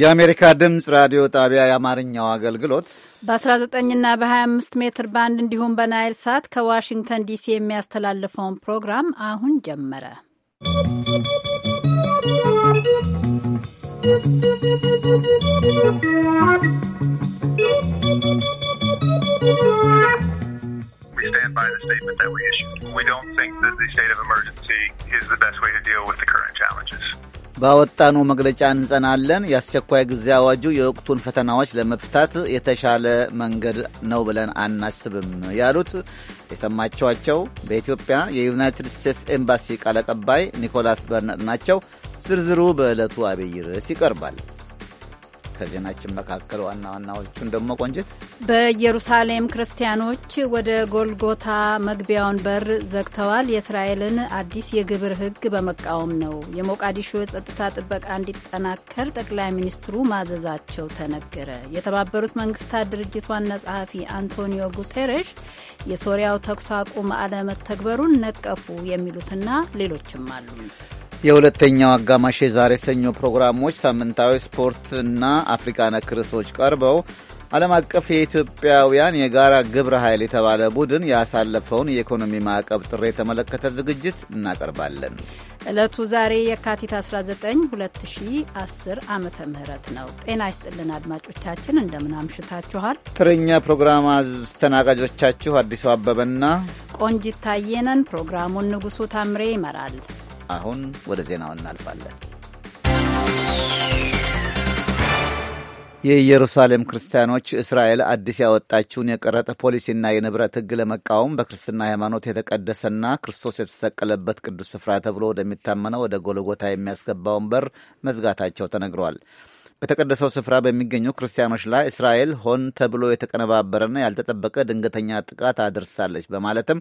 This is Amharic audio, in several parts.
የአሜሪካ ድምፅ ራዲዮ ጣቢያ የአማርኛው አገልግሎት በ19ና በ25 ሜትር ባንድ እንዲሁም በናይል ሳት ከዋሽንግተን ዲሲ የሚያስተላልፈውን ፕሮግራም አሁን ጀመረ። ባወጣነው መግለጫ እንጸናለን። የአስቸኳይ ጊዜ አዋጁ የወቅቱን ፈተናዎች ለመፍታት የተሻለ መንገድ ነው ብለን አናስብም ያሉት የሰማችኋቸው በኢትዮጵያ የዩናይትድ ስቴትስ ኤምባሲ ቃል አቀባይ ኒኮላስ በርነጥ ናቸው። ዝርዝሩ በዕለቱ አብይ ርዕስ ይቀርባል። ከዜናችን መካከል ዋና ዋናዎቹን ደግሞ ቆንጅት፣ በኢየሩሳሌም ክርስቲያኖች ወደ ጎልጎታ መግቢያውን በር ዘግተዋል። የእስራኤልን አዲስ የግብር ሕግ በመቃወም ነው። የሞቃዲሾ የጸጥታ ጥበቃ እንዲጠናከር ጠቅላይ ሚኒስትሩ ማዘዛቸው ተነገረ። የተባበሩት መንግስታት ድርጅት ዋና ጸሐፊ አንቶኒዮ ጉቴሬሽ የሶሪያው ተኩስ አቁም አለመተግበሩን ነቀፉ። የሚሉትና ሌሎችም አሉ። የሁለተኛው አጋማሽ የዛሬ ሰኞ ፕሮግራሞች ሳምንታዊ ስፖርትና አፍሪካ ነክ ርዕሶች ቀርበው ዓለም አቀፍ የኢትዮጵያውያን የጋራ ግብረ ኃይል የተባለ ቡድን ያሳለፈውን የኢኮኖሚ ማዕቀብ ጥሪ የተመለከተ ዝግጅት እናቀርባለን። ዕለቱ ዛሬ የካቲት 19 2010 ዓ ም ነው። ጤና ይስጥልን አድማጮቻችን፣ እንደምን አምሽታችኋል። ተረኛ ፕሮግራም አስተናጋጆቻችሁ አዲሱ አበበና ቆንጂት ታየነን። ፕሮግራሙን ንጉሱ ታምሬ ይመራል። አሁን ወደ ዜናው እናልፋለን። የኢየሩሳሌም ክርስቲያኖች እስራኤል አዲስ ያወጣችውን የቀረጠ ፖሊሲና የንብረት ሕግ ለመቃወም በክርስትና ሃይማኖት የተቀደሰና ክርስቶስ የተሰቀለበት ቅዱስ ስፍራ ተብሎ ወደሚታመነው ወደ ጎልጎታ የሚያስገባውን በር መዝጋታቸው ተነግሯል። በተቀደሰው ስፍራ በሚገኙ ክርስቲያኖች ላይ እስራኤል ሆን ተብሎ የተቀነባበረና ያልተጠበቀ ድንገተኛ ጥቃት አድርሳለች በማለትም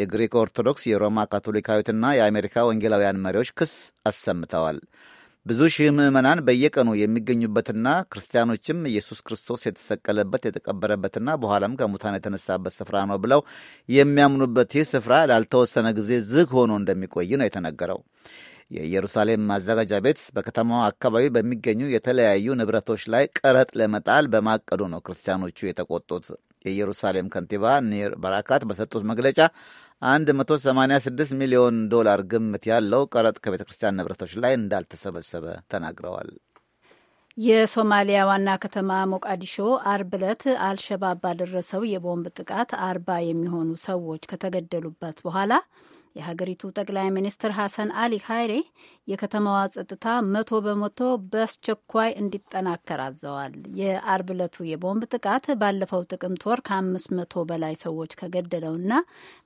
የግሪክ ኦርቶዶክስ፣ የሮማ ካቶሊካዊትና የአሜሪካ ወንጌላውያን መሪዎች ክስ አሰምተዋል። ብዙ ሺህ ምዕመናን በየቀኑ የሚገኙበትና ክርስቲያኖችም ኢየሱስ ክርስቶስ የተሰቀለበት የተቀበረበትና በኋላም ከሙታን የተነሳበት ስፍራ ነው ብለው የሚያምኑበት ይህ ስፍራ ላልተወሰነ ጊዜ ዝግ ሆኖ እንደሚቆይ ነው የተነገረው። የኢየሩሳሌም ማዘጋጃ ቤት በከተማዋ አካባቢ በሚገኙ የተለያዩ ንብረቶች ላይ ቀረጥ ለመጣል በማቀዱ ነው ክርስቲያኖቹ የተቆጡት። የኢየሩሳሌም ከንቲባ ኒር በራካት በሰጡት መግለጫ 186 ሚሊዮን ዶላር ግምት ያለው ቀረጥ ከቤተ ክርስቲያን ንብረቶች ላይ እንዳልተሰበሰበ ተናግረዋል። የሶማሊያ ዋና ከተማ ሞቃዲሾ አርብ ዕለት አልሸባብ ባደረሰው የቦምብ ጥቃት አርባ የሚሆኑ ሰዎች ከተገደሉበት በኋላ የሀገሪቱ ጠቅላይ ሚኒስትር ሐሰን አሊ ሀይሬ የከተማዋ ጸጥታ መቶ በመቶ በአስቸኳይ እንዲጠናከር አዘዋል። የአርብ ዕለቱ የቦምብ ጥቃት ባለፈው ጥቅምት ወር ከአምስት መቶ በላይ ሰዎች ከገደለውና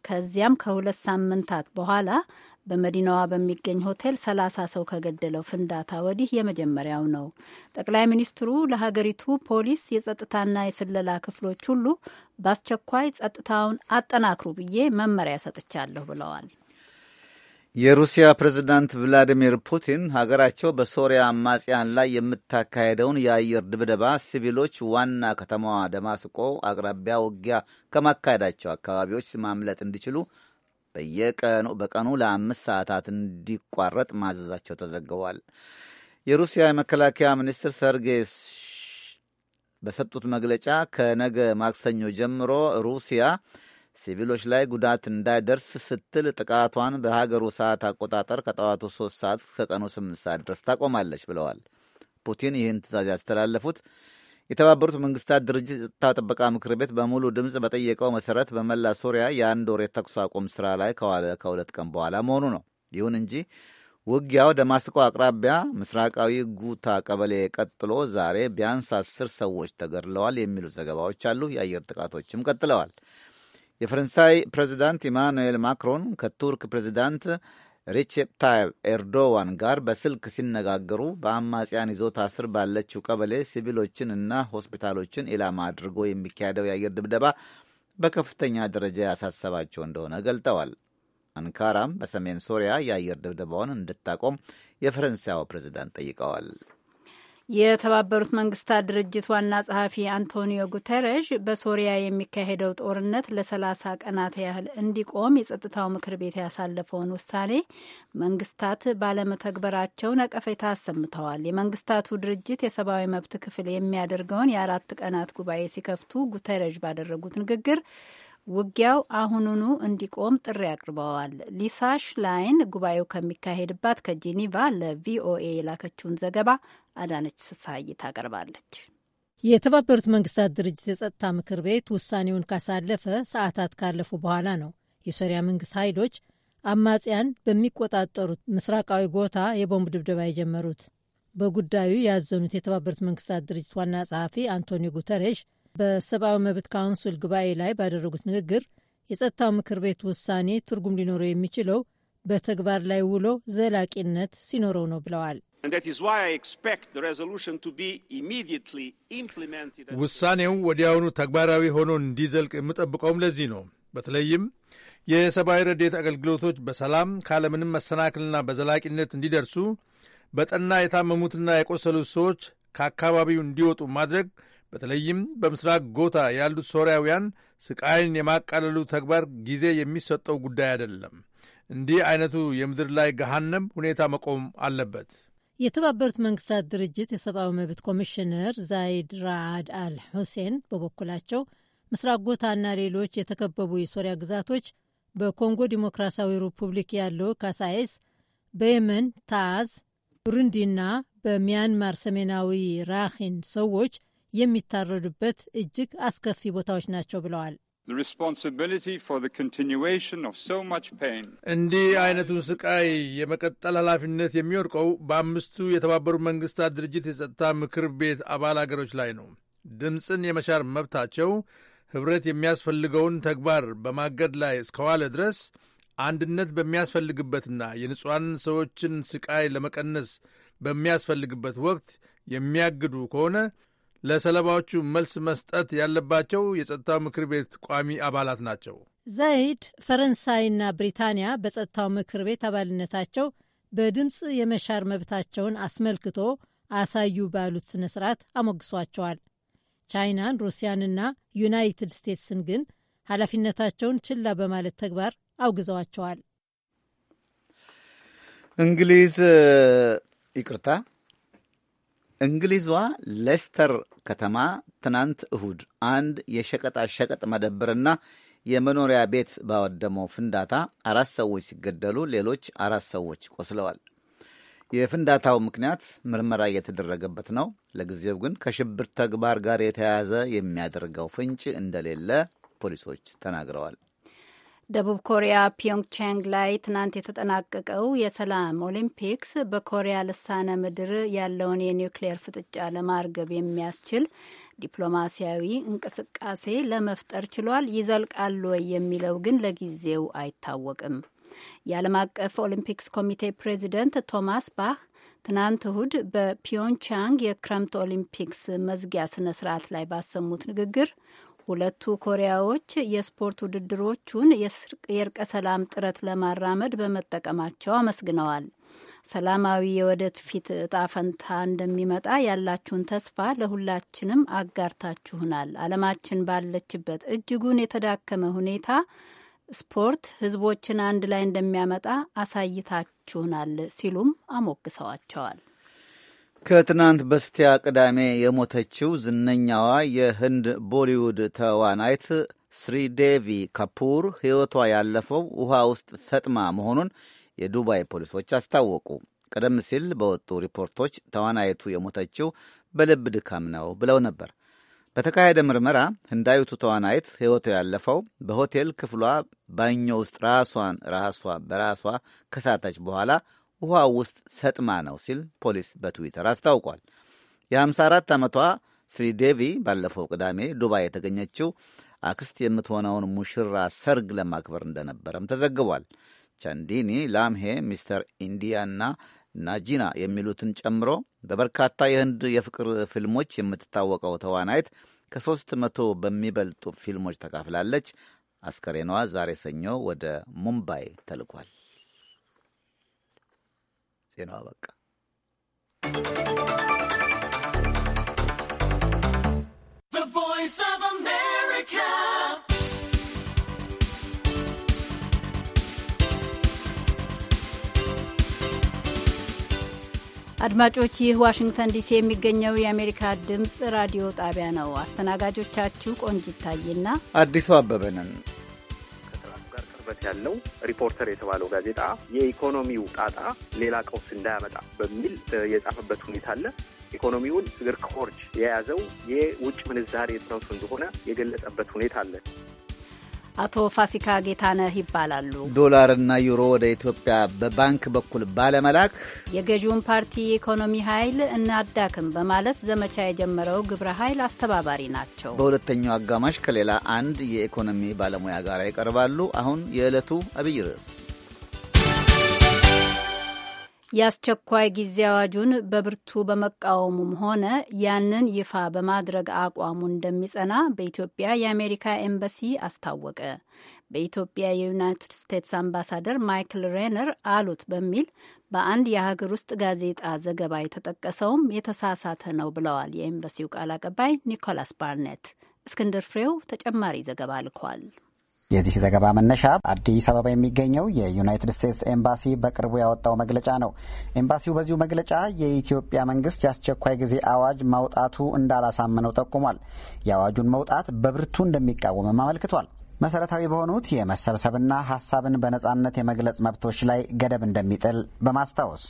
ከዚያም ከሁለት ሳምንታት በኋላ በመዲናዋ በሚገኝ ሆቴል ሰላሳ ሰው ከገደለው ፍንዳታ ወዲህ የመጀመሪያው ነው። ጠቅላይ ሚኒስትሩ ለሀገሪቱ ፖሊስ የጸጥታና የስለላ ክፍሎች ሁሉ በአስቸኳይ ጸጥታውን አጠናክሩ ብዬ መመሪያ ሰጥቻለሁ ብለዋል። የሩሲያ ፕሬዝዳንት ቭላዲሚር ፑቲን ሀገራቸው በሶሪያ አማጽያን ላይ የምታካሄደውን የአየር ድብደባ ሲቪሎች ዋና ከተማዋ ደማስቆ አቅራቢያ ውጊያ ከማካሄዳቸው አካባቢዎች ማምለጥ እንዲችሉ በየቀኑ በቀኑ ለአምስት ሰዓታት እንዲቋረጥ ማዘዛቸው ተዘግቧል። የሩሲያ የመከላከያ ሚኒስትር ሰርጌይ በሰጡት መግለጫ ከነገ ማክሰኞ ጀምሮ ሩሲያ ሲቪሎች ላይ ጉዳት እንዳይደርስ ስትል ጥቃቷን በሀገሩ ሰዓት አቆጣጠር ከጠዋቱ ሶስት ሰዓት እስከ ቀኑ ስምንት ሰዓት ድረስ ታቆማለች ብለዋል። ፑቲን ይህን ትዕዛዝ ያስተላለፉት የተባበሩት መንግስታት ድርጅት የጸጥታ ጥበቃ ምክር ቤት በሙሉ ድምፅ በጠየቀው መሰረት በመላ ሶሪያ የአንድ ወር የተኩስ አቁም ስራ ላይ ከዋለ ከሁለት ቀን በኋላ መሆኑ ነው። ይሁን እንጂ ውጊያው ደማስቆ አቅራቢያ ምስራቃዊ ጉታ ቀበሌ ቀጥሎ ዛሬ ቢያንስ አስር ሰዎች ተገድለዋል የሚሉ ዘገባዎች አሉ። የአየር ጥቃቶችም ቀጥለዋል። የፈረንሳይ ፕሬዚዳንት ኢማኑኤል ማክሮን ከቱርክ ፕሬዚዳንት ሪቼፕ ታይብ ኤርዶዋን ጋር በስልክ ሲነጋገሩ በአማጽያን ይዞታ ስር ባለችው ቀበሌ ሲቪሎችን እና ሆስፒታሎችን ኢላማ አድርጎ የሚካሄደው የአየር ድብደባ በከፍተኛ ደረጃ ያሳሰባቸው እንደሆነ ገልጠዋል። አንካራም በሰሜን ሶሪያ የአየር ድብደባውን እንድታቆም የፈረንሳያው ፕሬዝዳንት ጠይቀዋል። የተባበሩት መንግስታት ድርጅት ዋና ጸሐፊ አንቶኒዮ ጉተረዥ በሶሪያ የሚካሄደው ጦርነት ለሰላሳ ቀናት ያህል እንዲቆም የጸጥታው ምክር ቤት ያሳለፈውን ውሳኔ መንግስታት ባለመተግበራቸው ነቀፌታ አሰምተዋል። የመንግስታቱ ድርጅት የሰብአዊ መብት ክፍል የሚያደርገውን የአራት ቀናት ጉባኤ ሲከፍቱ ጉተረዥ ባደረጉት ንግግር ውጊያው አሁኑኑ እንዲቆም ጥሪ አቅርበዋል። ሊሳ ሽላይን ጉባኤው ከሚካሄድባት ከጄኒቫ ለቪኦኤ የላከችውን ዘገባ አዳነች ፍስሐይ ታቀርባለች። የተባበሩት መንግስታት ድርጅት የጸጥታ ምክር ቤት ውሳኔውን ካሳለፈ ሰዓታት ካለፉ በኋላ ነው የሶሪያ መንግስት ኃይሎች አማጽያን በሚቆጣጠሩት ምስራቃዊ ጎታ የቦምብ ድብደባ የጀመሩት። በጉዳዩ ያዘኑት የተባበሩት መንግስታት ድርጅት ዋና ጸሐፊ አንቶኒዮ ጉተሬሽ በሰብአዊ መብት ካውንስል ጉባኤ ላይ ባደረጉት ንግግር የጸጥታው ምክር ቤት ውሳኔ ትርጉም ሊኖረው የሚችለው በተግባር ላይ ውሎ ዘላቂነት ሲኖረው ነው ብለዋል። ውሳኔው ወዲያውኑ ተግባራዊ ሆኖ እንዲዘልቅ የምጠብቀውም ለዚህ ነው። በተለይም የሰብአዊ ረዴት አገልግሎቶች በሰላም ካለምንም መሰናክልና በዘላቂነት እንዲደርሱ፣ በጠና የታመሙትና የቆሰሉት ሰዎች ከአካባቢው እንዲወጡ ማድረግ በተለይም በምስራቅ ጎታ ያሉት ሶርያውያን ስቃይን የማቃለሉ ተግባር ጊዜ የሚሰጠው ጉዳይ አይደለም። እንዲህ አይነቱ የምድር ላይ ገሃነም ሁኔታ መቆም አለበት። የተባበሩት መንግስታት ድርጅት የሰብአዊ መብት ኮሚሽነር ዛይድ ራአድ አል ሁሴን በበኩላቸው ምስራቅ ጎታና ሌሎች የተከበቡ የሶሪያ ግዛቶች በኮንጎ ዲሞክራሲያዊ ሪፑብሊክ ያለው ካሳይስ፣ በየመን ታዝ፣ ቡሩንዲና በሚያንማር ሰሜናዊ ራኪን ሰዎች የሚታረዱበት እጅግ አስከፊ ቦታዎች ናቸው ብለዋል። እንዲህ አይነቱን ስቃይ የመቀጠል ኃላፊነት የሚወድቀው በአምስቱ የተባበሩት መንግስታት ድርጅት የጸጥታ ምክር ቤት አባል አገሮች ላይ ነው። ድምፅን የመሻር መብታቸው ኅብረት የሚያስፈልገውን ተግባር በማገድ ላይ እስከዋለ ድረስ አንድነት በሚያስፈልግበትና የንጹሐን ሰዎችን ስቃይ ለመቀነስ በሚያስፈልግበት ወቅት የሚያግዱ ከሆነ ለሰለባዎቹ መልስ መስጠት ያለባቸው የጸጥታው ምክር ቤት ቋሚ አባላት ናቸው። ዘይድ ፈረንሳይና ብሪታንያ በጸጥታው ምክር ቤት አባልነታቸው በድምፅ የመሻር መብታቸውን አስመልክቶ አሳዩ ባሉት ስነ ስርዓት አሞግሷቸዋል። ቻይናን፣ ሩሲያንና ዩናይትድ ስቴትስን ግን ኃላፊነታቸውን ችላ በማለት ተግባር አውግዘዋቸዋል። እንግሊዝ ይቅርታ እንግሊዟ ሌስተር ከተማ ትናንት እሁድ አንድ የሸቀጣሸቀጥ መደብርና የመኖሪያ ቤት ባወደመው ፍንዳታ አራት ሰዎች ሲገደሉ ሌሎች አራት ሰዎች ቆስለዋል። የፍንዳታው ምክንያት ምርመራ እየተደረገበት ነው። ለጊዜው ግን ከሽብር ተግባር ጋር የተያያዘ የሚያደርገው ፍንጭ እንደሌለ ፖሊሶች ተናግረዋል። ደቡብ ኮሪያ ፒዮንግቻንግ ላይ ትናንት የተጠናቀቀው የሰላም ኦሊምፒክስ በኮሪያ ልሳነ ምድር ያለውን የኒውክሌር ፍጥጫ ለማርገብ የሚያስችል ዲፕሎማሲያዊ እንቅስቃሴ ለመፍጠር ችሏል። ይዘልቃሉ ወይ የሚለው ግን ለጊዜው አይታወቅም። የዓለም አቀፍ ኦሊምፒክስ ኮሚቴ ፕሬዚደንት ቶማስ ባህ ትናንት እሁድ በፒዮንቻንግ የክረምት ኦሊምፒክስ መዝጊያ ስነ ስርዓት ላይ ባሰሙት ንግግር ሁለቱ ኮሪያዎች የስፖርት ውድድሮቹን የእርቀ ሰላም ጥረት ለማራመድ በመጠቀማቸው አመስግነዋል። ሰላማዊ የወደፊት እጣ ፈንታ እንደሚመጣ ያላችሁን ተስፋ ለሁላችንም አጋርታችሁናል። ዓለማችን ባለችበት እጅጉን የተዳከመ ሁኔታ ስፖርት ህዝቦችን አንድ ላይ እንደሚያመጣ አሳይታችሁናል ሲሉም አሞግሰዋቸዋል። ከትናንት በስቲያ ቅዳሜ የሞተችው ዝነኛዋ የህንድ ቦሊውድ ተዋናይት ስሪዴቪ ካፑር ሕይወቷ ያለፈው ውሃ ውስጥ ሰጥማ መሆኑን የዱባይ ፖሊሶች አስታወቁ። ቀደም ሲል በወጡ ሪፖርቶች ተዋናይቱ የሞተችው በልብ ድካም ነው ብለው ነበር። በተካሄደ ምርመራ ህንዳዊቱ ተዋናይት ሕይወቷ ያለፈው በሆቴል ክፍሏ ባኞ ውስጥ ራሷን ራሷ በራሷ ከሳተች በኋላ ውሃ ውስጥ ሰጥማ ነው ሲል ፖሊስ በትዊተር አስታውቋል። የ54 ዓመቷ ስሪዴቪ ባለፈው ቅዳሜ ዱባይ የተገኘችው አክስት የምትሆነውን ሙሽራ ሰርግ ለማክበር እንደነበረም ተዘግቧል። ቻንዲኒ ላምሄ፣ ሚስተር ኢንዲያ እና ናጂና የሚሉትን ጨምሮ በበርካታ የህንድ የፍቅር ፊልሞች የምትታወቀው ተዋናይት ከሦስት መቶ በሚበልጡ ፊልሞች ተካፍላለች። አስከሬኗ ዛሬ ሰኞ ወደ ሙምባይ ተልኳል። ዜናው አበቃ። አድማጮች ይህ ዋሽንግተን ዲሲ የሚገኘው የአሜሪካ ድምፅ ራዲዮ ጣቢያ ነው። አስተናጋጆቻችሁ ቆንጂት ይታይና አዲሱ አበበ ነን። ቅርበት ያለው ሪፖርተር የተባለው ጋዜጣ የኢኮኖሚው ጣጣ ሌላ ቀውስ እንዳያመጣ በሚል የጻፈበት ሁኔታ አለ። ኢኮኖሚውን እግር ከወርች የያዘው የውጭ ምንዛሬ እጥረቱ እንደሆነ የገለጸበት ሁኔታ አለ። አቶ ፋሲካ ጌታነህ ይባላሉ። ዶላርና ዩሮ ወደ ኢትዮጵያ በባንክ በኩል ባለመላክ የገዢውን ፓርቲ የኢኮኖሚ ኃይል እናዳክም በማለት ዘመቻ የጀመረው ግብረ ኃይል አስተባባሪ ናቸው። በሁለተኛው አጋማሽ ከሌላ አንድ የኢኮኖሚ ባለሙያ ጋር ይቀርባሉ። አሁን የዕለቱ አብይ ርዕስ የአስቸኳይ ጊዜ አዋጁን በብርቱ በመቃወሙም ሆነ ያንን ይፋ በማድረግ አቋሙ እንደሚጸና በኢትዮጵያ የአሜሪካ ኤምባሲ አስታወቀ። በኢትዮጵያ የዩናይትድ ስቴትስ አምባሳደር ማይክል ሬነር አሉት በሚል በአንድ የሀገር ውስጥ ጋዜጣ ዘገባ የተጠቀሰውም የተሳሳተ ነው ብለዋል የኤምባሲው ቃል አቀባይ ኒኮላስ ባርኔት። እስክንድር ፍሬው ተጨማሪ ዘገባ ልኳል። የዚህ ዘገባ መነሻ አዲስ አበባ የሚገኘው የዩናይትድ ስቴትስ ኤምባሲ በቅርቡ ያወጣው መግለጫ ነው። ኤምባሲው በዚሁ መግለጫ የኢትዮጵያ መንግስት የአስቸኳይ ጊዜ አዋጅ ማውጣቱ እንዳላሳመነው ጠቁሟል። የአዋጁን መውጣት በብርቱ እንደሚቃወምም አመልክቷል። መሰረታዊ በሆኑት የመሰብሰብና ሀሳብን በነጻነት የመግለጽ መብቶች ላይ ገደብ እንደሚጥል በማስታወስ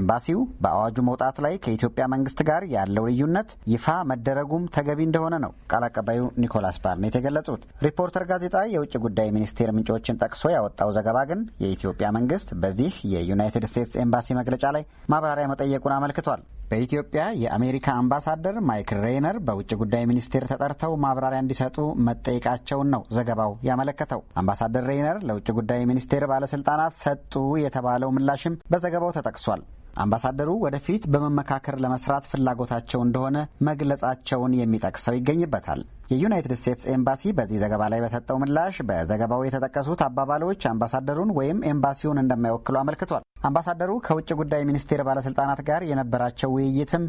ኤምባሲው በአዋጁ መውጣት ላይ ከኢትዮጵያ መንግስት ጋር ያለው ልዩነት ይፋ መደረጉም ተገቢ እንደሆነ ነው ቃል አቀባዩ ኒኮላስ ባርኔት የገለጹት። ሪፖርተር ጋዜጣ የውጭ ጉዳይ ሚኒስቴር ምንጮችን ጠቅሶ ያወጣው ዘገባ ግን የኢትዮጵያ መንግስት በዚህ የዩናይትድ ስቴትስ ኤምባሲ መግለጫ ላይ ማብራሪያ መጠየቁን አመልክቷል። በኢትዮጵያ የአሜሪካ አምባሳደር ማይክል ሬይነር በውጭ ጉዳይ ሚኒስቴር ተጠርተው ማብራሪያ እንዲሰጡ መጠየቃቸውን ነው ዘገባው ያመለከተው። አምባሳደር ሬይነር ለውጭ ጉዳይ ሚኒስቴር ባለስልጣናት ሰጡ የተባለው ምላሽም በዘገባው ተጠቅሷል። አምባሳደሩ ወደፊት በመመካከር ለመስራት ፍላጎታቸው እንደሆነ መግለጻቸውን የሚጠቅሰው ይገኝበታል። የዩናይትድ ስቴትስ ኤምባሲ በዚህ ዘገባ ላይ በሰጠው ምላሽ በዘገባው የተጠቀሱት አባባሎች አምባሳደሩን ወይም ኤምባሲውን እንደማይወክሉ አመልክቷል። አምባሳደሩ ከውጭ ጉዳይ ሚኒስቴር ባለስልጣናት ጋር የነበራቸው ውይይትም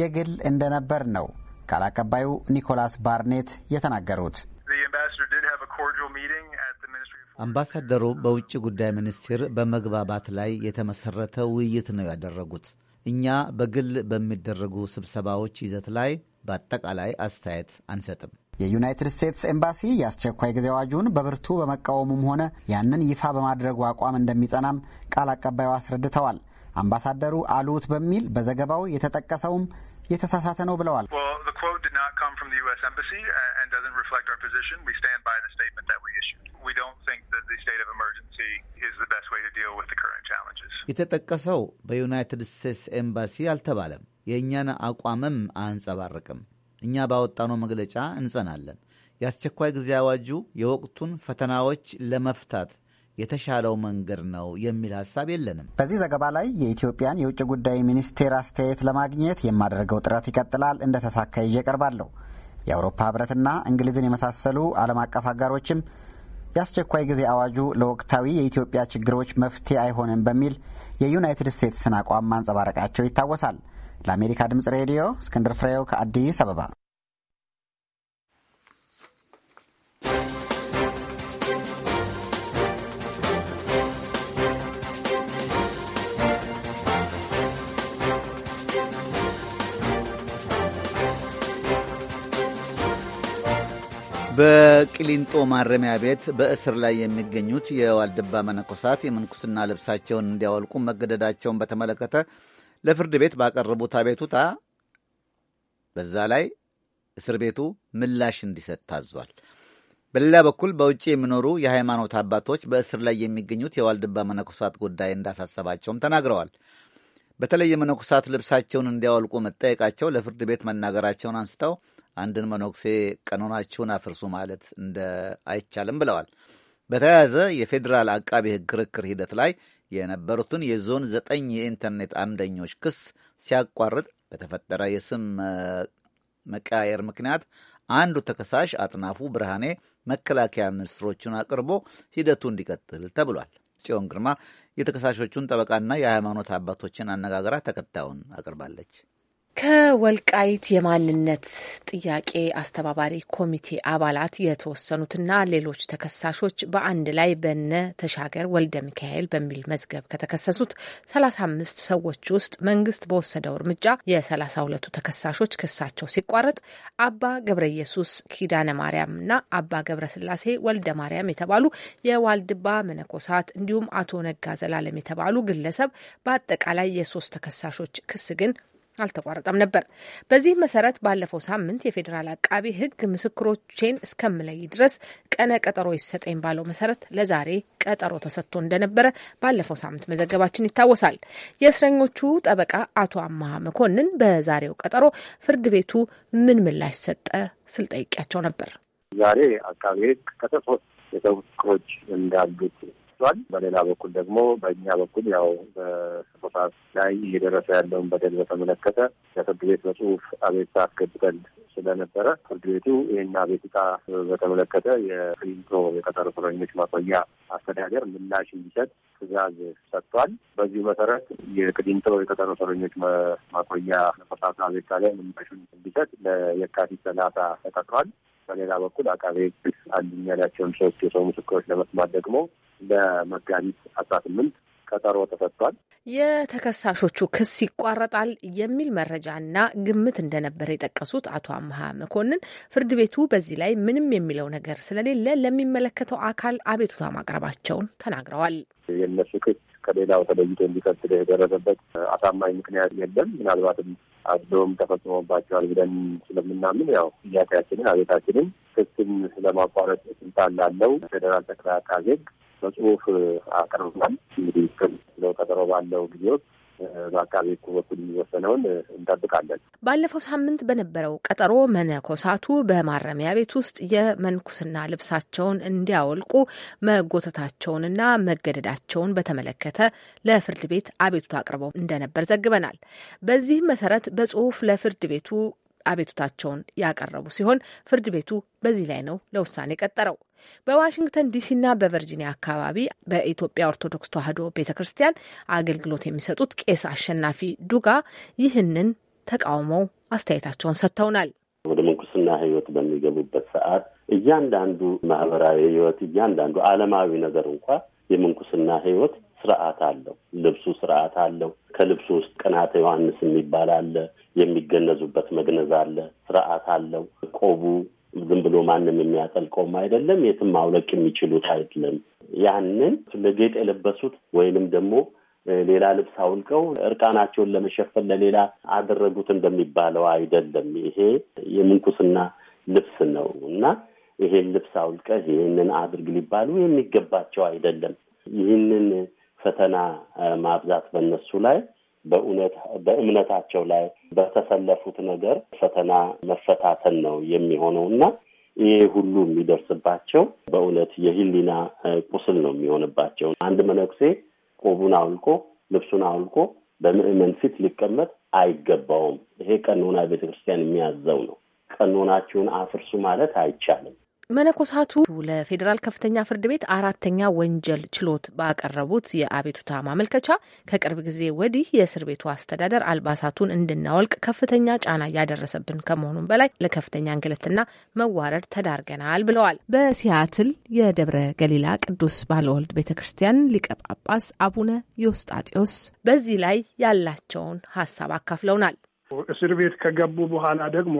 የግል እንደነበር ነው ቃል አቀባዩ ኒኮላስ ባርኔት የተናገሩት። አምባሳደሩ በውጭ ጉዳይ ሚኒስቴር በመግባባት ላይ የተመሰረተ ውይይት ነው ያደረጉት። እኛ በግል በሚደረጉ ስብሰባዎች ይዘት ላይ በአጠቃላይ አስተያየት አንሰጥም። የዩናይትድ ስቴትስ ኤምባሲ የአስቸኳይ ጊዜ አዋጁን በብርቱ በመቃወሙም ሆነ ያንን ይፋ በማድረጉ አቋም እንደሚጸናም ቃል አቀባዩ አስረድተዋል። አምባሳደሩ አሉት በሚል በዘገባው የተጠቀሰውም የተሳሳተ ነው ብለዋል። uh, የተጠቀሰው በዩናይትድ ስቴትስ ኤምባሲ አልተባለም። የእኛን አቋምም አያንጸባርቅም። እኛ ባወጣነው መግለጫ እንጸናለን። የአስቸኳይ ጊዜ አዋጁ የወቅቱን ፈተናዎች ለመፍታት የተሻለው መንገድ ነው የሚል ሀሳብ የለንም። በዚህ ዘገባ ላይ የኢትዮጵያን የውጭ ጉዳይ ሚኒስቴር አስተያየት ለማግኘት የማደርገው ጥረት ይቀጥላል። እንደተሳካ ይዤ እቀርባለሁ። የአውሮፓ ህብረትና እንግሊዝን የመሳሰሉ ዓለም አቀፍ አጋሮችም የአስቸኳይ ጊዜ አዋጁ ለወቅታዊ የኢትዮጵያ ችግሮች መፍትሄ አይሆንም በሚል የዩናይትድ ስቴትስን አቋም ማንጸባረቃቸው ይታወሳል። ለአሜሪካ ድምጽ ሬዲዮ እስክንድር ፍሬው ከአዲስ አበባ በቅሊንጦ ማረሚያ ቤት በእስር ላይ የሚገኙት የዋልድባ መነኮሳት የምንኩስና ልብሳቸውን እንዲያወልቁ መገደዳቸውን በተመለከተ ለፍርድ ቤት ባቀረቡት አቤቱታ በዛ ላይ እስር ቤቱ ምላሽ እንዲሰጥ ታዟል። በሌላ በኩል በውጭ የሚኖሩ የሃይማኖት አባቶች በእስር ላይ የሚገኙት የዋልድባ መነኮሳት ጉዳይ እንዳሳሰባቸውም ተናግረዋል። በተለይ የመነኮሳት ልብሳቸውን እንዲያወልቁ መጠየቃቸው ለፍርድ ቤት መናገራቸውን አንስተው አንድን መነኩሴ ቀኖናችሁን አፍርሱ ማለት እንደ አይቻልም ብለዋል። በተያያዘ የፌዴራል አቃቢ ሕግ ክርክር ሂደት ላይ የነበሩትን የዞን ዘጠኝ የኢንተርኔት አምደኞች ክስ ሲያቋርጥ በተፈጠረ የስም መቀያየር ምክንያት አንዱ ተከሳሽ አጥናፉ ብርሃኔ መከላከያ ምስክሮቹን አቅርቦ ሂደቱ እንዲቀጥል ተብሏል። ጽዮን ግርማ የተከሳሾቹን ጠበቃና የሃይማኖት አባቶችን አነጋግራ ተከታዩን አቅርባለች። ከወልቃይት የማንነት ጥያቄ አስተባባሪ ኮሚቴ አባላት የተወሰኑትና ሌሎች ተከሳሾች በአንድ ላይ በነ ተሻገር ወልደ ሚካኤል በሚል መዝገብ ከተከሰሱት 35 ሰዎች ውስጥ መንግስት በወሰደው እርምጃ የ32ቱ ተከሳሾች ክሳቸው ሲቋረጥ አባ ገብረ ኢየሱስ ኪዳነ ማርያምና አባ ገብረ ስላሴ ወልደ ማርያም የተባሉ የዋልድባ መነኮሳት እንዲሁም አቶ ነጋ ዘላለም የተባሉ ግለሰብ በአጠቃላይ የሶስት ተከሳሾች ክስ ግን አልተቋረጠም ነበር። በዚህ መሰረት ባለፈው ሳምንት የፌዴራል አቃቢ ሕግ ምስክሮቼን እስከምለይ ድረስ ቀነ ቀጠሮ ይሰጠኝ ባለው መሰረት ለዛሬ ቀጠሮ ተሰጥቶ እንደነበረ ባለፈው ሳምንት መዘገባችን ይታወሳል። የእስረኞቹ ጠበቃ አቶ አማሀ መኮንን በዛሬው ቀጠሮ ፍርድ ቤቱ ምን ምላሽ ሰጠ ስል ጠይቄያቸው ነበር። ዛሬ አቃቢ ሕግ ከተሶስት ምስክሮች እንዳሉት ተከስቷል። በሌላ በኩል ደግሞ በእኛ በኩል ያው በስቦታ ላይ እየደረሰ ያለውን በደል በተመለከተ ለፍርድ ቤት በጽሁፍ አቤቱታ አስገብተን ስለነበረ ፍርድ ቤቱ ይህን አቤቱታ በተመለከተ የፍሪንቶ የቀጠሮ እስረኞች ማቆያ አስተዳደር ምላሽ እንዲሰጥ ትእዛዝ ሰጥቷል። በዚሁ መሰረት የቂሊንጦ የቀጠሮ እስረኞች ማቆያ ነፈሳት አቤቱታ ላይ ምላሹን እንዲሰጥ ለየካቲት ሰላሳ ተቀጥሯል። በሌላ በኩል አቃቤ አንደኛ ያላቸውን ሶስት የሰው ምስክሮች ለመስማት ደግሞ ለመጋቢት አስራ ስምንት ቀጠሮ ተሰጥቷል። የተከሳሾቹ ክስ ይቋረጣል የሚል መረጃና ግምት እንደነበረ የጠቀሱት አቶ አመሀ መኮንን ፍርድ ቤቱ በዚህ ላይ ምንም የሚለው ነገር ስለሌለ ለሚመለከተው አካል አቤቱታ ማቅረባቸውን ተናግረዋል። የነሱ ክስ ከሌላው ተለይቶ እንዲቀጥል የደረሰበት አሳማኝ ምክንያት የለም። ምናልባትም አድሎም ተፈጽሞባቸዋል ብለን ስለምናምን ያው ጥያቄያችንን አቤታችንን ክስን ለማቋረጥ ስልጣን ላለው ፌዴራል ጠቅላይ አቃቤ ሕግ በጽሁፍ አቅርበናል። እንግዲህ ክለው ቀጠሮ ባለው ጊዜዎች በአካባቢ በኩል የሚወሰነውን እንጠብቃለን። ባለፈው ሳምንት በነበረው ቀጠሮ መነኮሳቱ በማረሚያ ቤት ውስጥ የመንኩስና ልብሳቸውን እንዲያወልቁ መጎተታቸውንና መገደዳቸውን በተመለከተ ለፍርድ ቤት አቤቱታ አቅርበው እንደነበር ዘግበናል። በዚህም መሰረት በጽሁፍ ለፍርድ ቤቱ አቤቱታቸውን ያቀረቡ ሲሆን ፍርድ ቤቱ በዚህ ላይ ነው ለውሳኔ ቀጠረው። በዋሽንግተን ዲሲና በቨርጂኒያ አካባቢ በኢትዮጵያ ኦርቶዶክስ ተዋሕዶ ቤተ ክርስቲያን አገልግሎት የሚሰጡት ቄስ አሸናፊ ዱጋ ይህንን ተቃውመው አስተያየታቸውን ሰጥተውናል። ወደ ምንኩስና ህይወት በሚገቡበት ሰዓት እያንዳንዱ ማህበራዊ ህይወት እያንዳንዱ ዓለማዊ ነገር እንኳ የምንኩስና ህይወት። ስርዓት አለው። ልብሱ ስርዓት አለው። ከልብሱ ውስጥ ቅናተ ዮሐንስ የሚባል አለ። የሚገነዙበት መግነዝ አለ። ስርዓት አለው። ቆቡ ዝም ብሎ ማንም የሚያጠልቀውም አይደለም። የትም ማውለቅ የሚችሉት አይደለም። ያንን ለጌጥ የለበሱት ወይንም ደግሞ ሌላ ልብስ አውልቀው እርቃናቸውን ለመሸፈን ለሌላ አደረጉት እንደሚባለው አይደለም። ይሄ የምንኩስና ልብስ ነው እና ይሄን ልብስ አውልቀህ ይህንን አድርግ ሊባሉ የሚገባቸው አይደለም። ይህንን ፈተና ማብዛት በነሱ ላይ በእውነት በእምነታቸው ላይ በተሰለፉት ነገር ፈተና መፈታተን ነው የሚሆነው እና ይሄ ሁሉ የሚደርስባቸው በእውነት የህሊና ቁስል ነው የሚሆንባቸው። አንድ መነኩሴ ቆቡን አውልቆ ልብሱን አውልቆ በምዕመን ፊት ሊቀመጥ አይገባውም። ይሄ ቀኖና ቤተ ክርስቲያን የሚያዘው ነው። ቀኖናችሁን አፍርሱ ማለት አይቻልም። መነኮሳቱ ለፌዴራል ከፍተኛ ፍርድ ቤት አራተኛ ወንጀል ችሎት ባቀረቡት የአቤቱታ ማመልከቻ ከቅርብ ጊዜ ወዲህ የእስር ቤቱ አስተዳደር አልባሳቱን እንድናወልቅ ከፍተኛ ጫና እያደረሰብን ከመሆኑም በላይ ለከፍተኛ እንግልትና መዋረድ ተዳርገናል ብለዋል። በሲያትል የደብረ ገሊላ ቅዱስ ባለወልድ ቤተ ክርስቲያን ሊቀ ጳጳስ አቡነ ዮስጣጢዮስ በዚህ ላይ ያላቸውን ሀሳብ አካፍለውናል። እስር ቤት ከገቡ በኋላ ደግሞ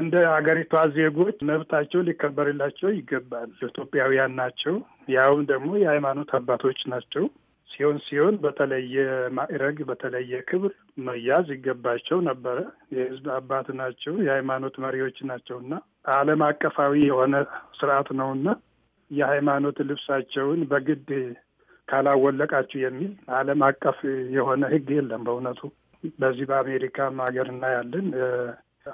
እንደ ሀገሪቷ ዜጎች መብታቸው ሊከበርላቸው ይገባል። ኢትዮጵያውያን ናቸው፣ ያውም ደግሞ የሃይማኖት አባቶች ናቸው። ሲሆን ሲሆን በተለየ ማዕረግ በተለየ ክብር መያዝ ይገባቸው ነበረ። የህዝብ አባት ናቸው፣ የሃይማኖት መሪዎች ናቸው እና ዓለም አቀፋዊ የሆነ ስርዓት ነውና የሃይማኖት ልብሳቸውን በግድ ካላወለቃችሁ የሚል ዓለም አቀፍ የሆነ ህግ የለም በእውነቱ። በዚህ በአሜሪካም ሀገር እናያለን።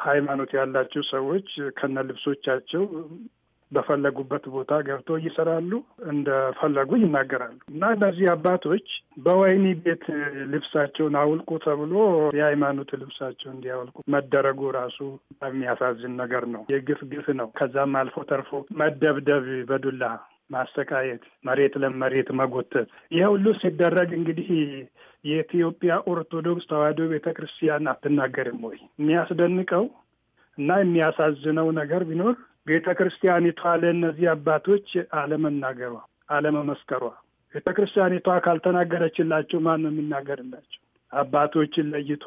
ሃይማኖት ያላቸው ሰዎች ከነ ልብሶቻቸው በፈለጉበት ቦታ ገብተው ይሰራሉ፣ እንደፈለጉ ይናገራሉ። እና እነዚህ አባቶች በወህኒ ቤት ልብሳቸውን አውልቁ ተብሎ የሃይማኖት ልብሳቸው እንዲያውልቁ መደረጉ ራሱ የሚያሳዝን ነገር ነው። የግፍ ግፍ ነው። ከዛም አልፎ ተርፎ መደብደብ በዱላ ማሰቃየት፣ መሬት ለመሬት መጎተት፣ ይህ ሁሉ ሲደረግ እንግዲህ የኢትዮጵያ ኦርቶዶክስ ተዋሕዶ ቤተ ክርስቲያን አትናገርም ወይ? የሚያስደንቀው እና የሚያሳዝነው ነገር ቢኖር ቤተ ክርስቲያኒቷ ለእነዚህ አባቶች አለመናገሯ፣ አለመመስከሯ። ቤተ ክርስቲያኒቷ ካልተናገረችላቸው ማን ነው የሚናገርላቸው? አባቶችን ለይቶ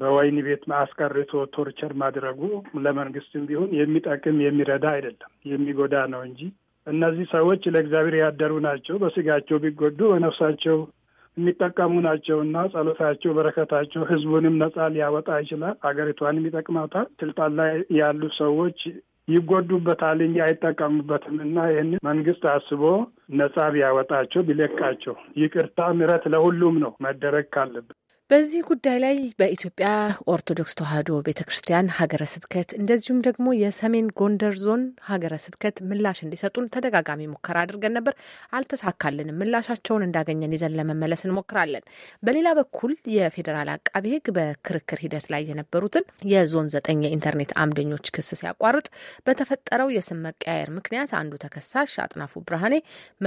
በወህኒ ቤት አስቀርቶ ቶርቸር ማድረጉ ለመንግስትም ቢሆን የሚጠቅም የሚረዳ አይደለም፣ የሚጎዳ ነው እንጂ እነዚህ ሰዎች ለእግዚአብሔር ያደሩ ናቸው። በስጋቸው ቢጎዱ በነፍሳቸው የሚጠቀሙ ናቸው እና ጸሎታቸው፣ በረከታቸው ህዝቡንም ነጻ ሊያወጣ ይችላል። ሀገሪቷንም ይጠቅማታል። ስልጣን ላይ ያሉ ሰዎች ይጎዱበታል እንጂ አይጠቀሙበትም እና ይህን መንግስት አስቦ ነጻ ቢያወጣቸው ቢለቃቸው፣ ይቅርታ ምሕረት ለሁሉም ነው መደረግ ካለብን በዚህ ጉዳይ ላይ በኢትዮጵያ ኦርቶዶክስ ተዋሕዶ ቤተ ክርስቲያን ሀገረ ስብከት እንደዚሁም ደግሞ የሰሜን ጎንደር ዞን ሀገረ ስብከት ምላሽ እንዲሰጡን ተደጋጋሚ ሙከራ አድርገን ነበር፣ አልተሳካልንም። ምላሻቸውን እንዳገኘን ይዘን ለመመለስ እንሞክራለን። በሌላ በኩል የፌዴራል አቃቤ ሕግ በክርክር ሂደት ላይ የነበሩትን የዞን ዘጠኝ የኢንተርኔት አምደኞች ክስ ሲያቋርጥ በተፈጠረው የስም መቀያየር ምክንያት አንዱ ተከሳሽ አጥናፉ ብርሃኔ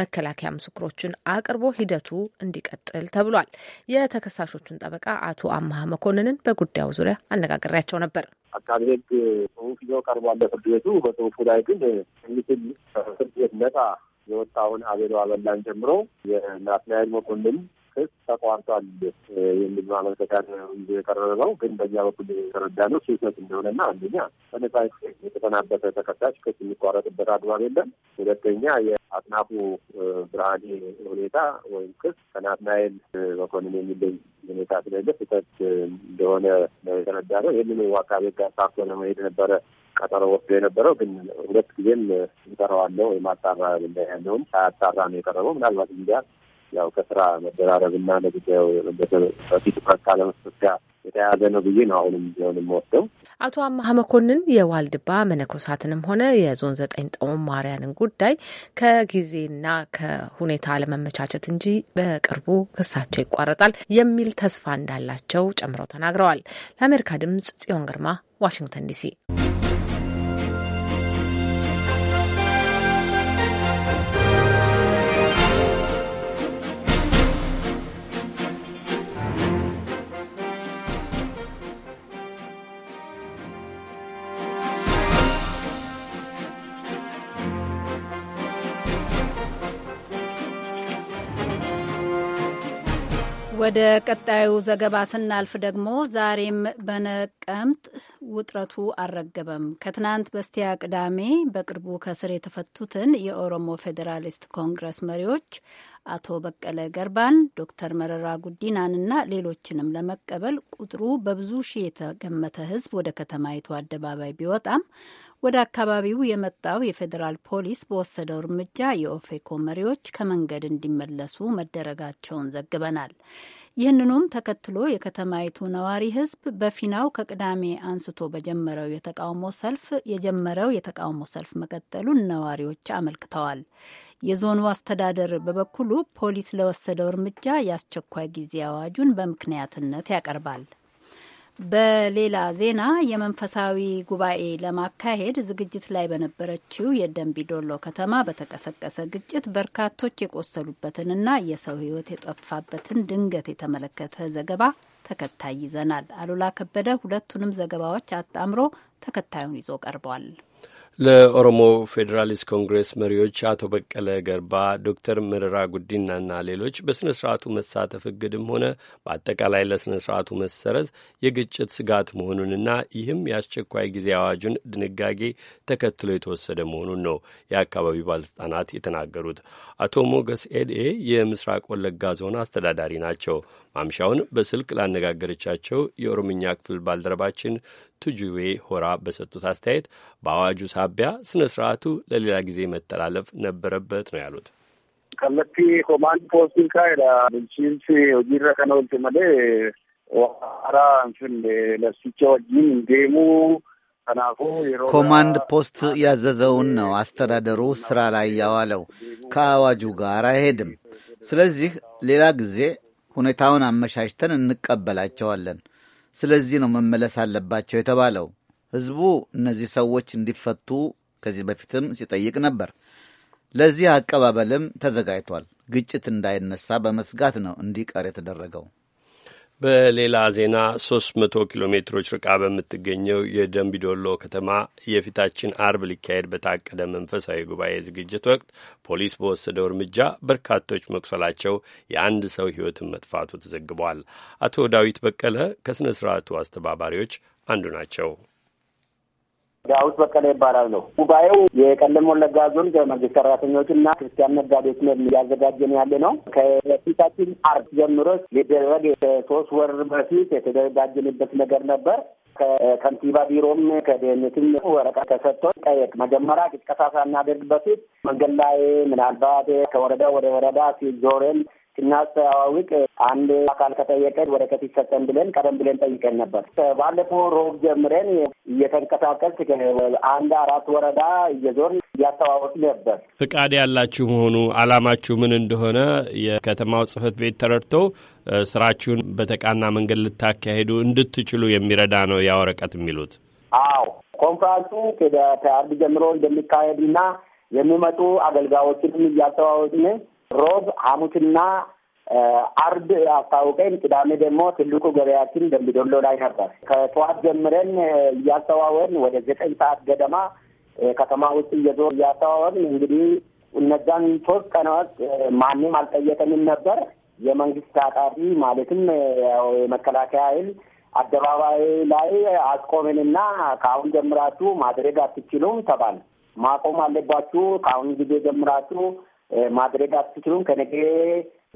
መከላከያ ምስክሮችን አቅርቦ ሂደቱ እንዲቀጥል ተብሏል። የተከሳሾቹን ጠበቃ አቶ አምሃ መኮንንን በጉዳዩ ዙሪያ አነጋግሬያቸው ነበር። አካባቢ ህግ ጽሁፍ ይዞ ቀርቧል ለፍርድ ቤቱ። በጽሁፉ ላይ ግን ምትል ፍርድ ቤት ነጻ የወጣውን አቤሎ አበላን ጀምሮ የናትናኤል መኮንን ክስ ተቋርጧል የሚል ማመልከቻን የቀረበ ነው። ግን በእኛ በኩል የተረዳነው ስህተት እንደሆነና አንደኛ በነጻ የተሰናበተ ተከሳሽ ክስ የሚቋረጥበት አግባብ የለም። ሁለተኛ የአጥናፉ ብርሃኔ ሁኔታ ወይም ክስ ከናትናኤል መኮንን የሚለይ ሁኔታ ስለሌለ ስህተት እንደሆነ ነው። ይህንን አካባቢ ጋር ሳፍቶ ለመሄድ ነበረ ቀጠሮ ወስዶ የነበረው ግን ሁለት ጊዜም እንጠራዋለሁ ወይም አጣራ ያለውም ሳያጣራ ነው የቀረበው። ምናልባት እንዲያ ያው ከስራ መደራረብና ለጉዳዩ በፊት ትኩረት ካለመስጠት ጋር የተያያዘ ነው ብዬ ነው አሁንም ቢሆን የምወስደው። አቶ አማሀ መኮንን የዋልድባ መነኮሳትንም ሆነ የዞን ዘጠኝ ማርያንን ጉዳይ ከጊዜና ከሁኔታ አለመመቻቸት እንጂ በቅርቡ ክሳቸው ይቋረጣል የሚል ተስፋ እንዳላቸው ጨምረው ተናግረዋል። ለአሜሪካ ድምጽ ጽዮን ግርማ ዋሽንግተን ዲሲ ወደ ቀጣዩ ዘገባ ስናልፍ ደግሞ ዛሬም በነቀምት ውጥረቱ አልረገበም። ከትናንት በስቲያ ቅዳሜ በቅርቡ ከስር የተፈቱትን የኦሮሞ ፌዴራሊስት ኮንግረስ መሪዎች አቶ በቀለ ገርባን፣ ዶክተር መረራ ጉዲናንና ሌሎችንም ለመቀበል ቁጥሩ በብዙ ሺህ የተገመተ ሕዝብ ወደ ከተማይቱ አደባባይ ቢወጣም ወደ አካባቢው የመጣው የፌዴራል ፖሊስ በወሰደው እርምጃ የኦፌኮ መሪዎች ከመንገድ እንዲመለሱ መደረጋቸውን ዘግበናል። ይህንኑም ተከትሎ የከተማይቱ ነዋሪ ህዝብ በፊናው ከቅዳሜ አንስቶ በጀመረው የተቃውሞ ሰልፍ የጀመረው የተቃውሞ ሰልፍ መቀጠሉን ነዋሪዎች አመልክተዋል። የዞኑ አስተዳደር በበኩሉ ፖሊስ ለወሰደው እርምጃ የአስቸኳይ ጊዜ አዋጁን በምክንያትነት ያቀርባል። በሌላ ዜና የመንፈሳዊ ጉባኤ ለማካሄድ ዝግጅት ላይ በነበረችው የደንቢዶሎ ከተማ በተቀሰቀሰ ግጭት በርካቶች የቆሰሉበትንና የሰው ሕይወት የጠፋበትን ድንገት የተመለከተ ዘገባ ተከታይ ይዘናል። አሉላ ከበደ ሁለቱንም ዘገባዎች አጣምሮ ተከታዩን ይዞ ቀርቧል። ለኦሮሞ ፌዴራሊስት ኮንግሬስ መሪዎች አቶ በቀለ ገርባ፣ ዶክተር መረራ ጉዲናና ሌሎች በሥነ ሥርዓቱ መሳተፍ እግድም ሆነ በአጠቃላይ ለሥነ ሥርዓቱ መሰረዝ የግጭት ስጋት መሆኑንና ይህም የአስቸኳይ ጊዜ አዋጁን ድንጋጌ ተከትሎ የተወሰደ መሆኑን ነው የአካባቢው ባለሥልጣናት የተናገሩት። አቶ ሞገስ ኤድኤ የምስራቅ ወለጋ ዞን አስተዳዳሪ ናቸው። ማምሻውን በስልክ ላነጋገረቻቸው የኦሮምኛ ክፍል ባልደረባችን ቱጁዌ ሆራ በሰጡት አስተያየት በአዋጁ ሳቢያ ስነ ስርዓቱ ለሌላ ጊዜ መተላለፍ ነበረበት ነው ያሉት። ከለቲ ኮማንድ ፖስቲን ካሄዳ ብልሲንስ ሆጂራ ከነ መሌ ዋራ እንዴሙ ኮማንድ ፖስት ያዘዘውን ነው አስተዳደሩ ስራ ላይ ያዋለው። ከአዋጁ ጋር አይሄድም። ስለዚህ ሌላ ጊዜ ሁኔታውን አመሻሽተን እንቀበላቸዋለን። ስለዚህ ነው መመለስ አለባቸው የተባለው። ህዝቡ እነዚህ ሰዎች እንዲፈቱ ከዚህ በፊትም ሲጠይቅ ነበር። ለዚህ አቀባበልም ተዘጋጅቷል። ግጭት እንዳይነሳ በመስጋት ነው እንዲቀር የተደረገው። በሌላ ዜና 300 ኪሎ ሜትሮች ርቃ በምትገኘው የደንቢዶሎ ከተማ የፊታችን አርብ ሊካሄድ በታቀደ መንፈሳዊ ጉባኤ ዝግጅት ወቅት ፖሊስ በወሰደው እርምጃ በርካቶች መቁሰላቸው የአንድ ሰው ሕይወትን መጥፋቱ ተዘግቧል። አቶ ዳዊት በቀለ ከሥነ ሥርዓቱ አስተባባሪዎች አንዱ ናቸው። ዳዊት በቀለ ይባላለሁ። ጉባኤው የቀለም ወለጋ ዞን መንግስት ሰራተኞችና ክርስቲያን ነጋዴዎች እያዘጋጀን ያለ ነው። ከፊታችን አርብ ጀምሮ ሊደረግ ከሶስት ወር በፊት የተዘጋጀንበት ነገር ነበር። ከከንቲባ ቢሮም ከደህንነትም ወረቀት ተሰጥቶ ጠየቅ መጀመሪያ ቅስቀሳ ሳናደርግ በፊት መንገድ ላይ ምናልባት ከወረዳ ወደ ወረዳ ሲዞረን ስናስተዋውቅ አንድ አካል ከጠየቀ ወረቀት ይሰጠን ብለን ቀደም ብለን ጠይቀን ነበር። ባለፈው ሮብ ጀምረን እየተንቀሳቀስ አንድ አራት ወረዳ እየዞርን እያስተዋወቅ ነበር። ፍቃድ ያላችሁ መሆኑ አላማችሁ ምን እንደሆነ የከተማው ጽህፈት ቤት ተረድቶ ስራችሁን በተቃና መንገድ ልታካሄዱ እንድትችሉ የሚረዳ ነው ያ ወረቀት የሚሉት። አዎ ኮንፍራንሱ ከአርብ ጀምሮ እንደሚካሄድና የሚመጡ አገልጋዮችንም እያስተዋወቅን ሮብ፣ ሐሙስና አርብ አስታውቀን ቅዳሜ ደግሞ ትልቁ ገበያችን ደምቢዶሎ ላይ ነበር። ከጠዋት ጀምረን እያስተዋወን ወደ ዘጠኝ ሰዓት ገደማ ከተማ ውስጥ እየዞር እያስተዋወን እንግዲህ እነዛን ሶስት ቀናት ማንም አልጠየቀንም ነበር። የመንግስት አጣሪ ማለትም የመከላከያ ኃይል አደባባይ ላይ አስቆምንና ከአሁን ጀምራችሁ ማድረግ አትችሉም ተባል። ማቆም አለባችሁ ከአሁን ጊዜ ጀምራችሁ ማድረግ አትችሉም። ከነገ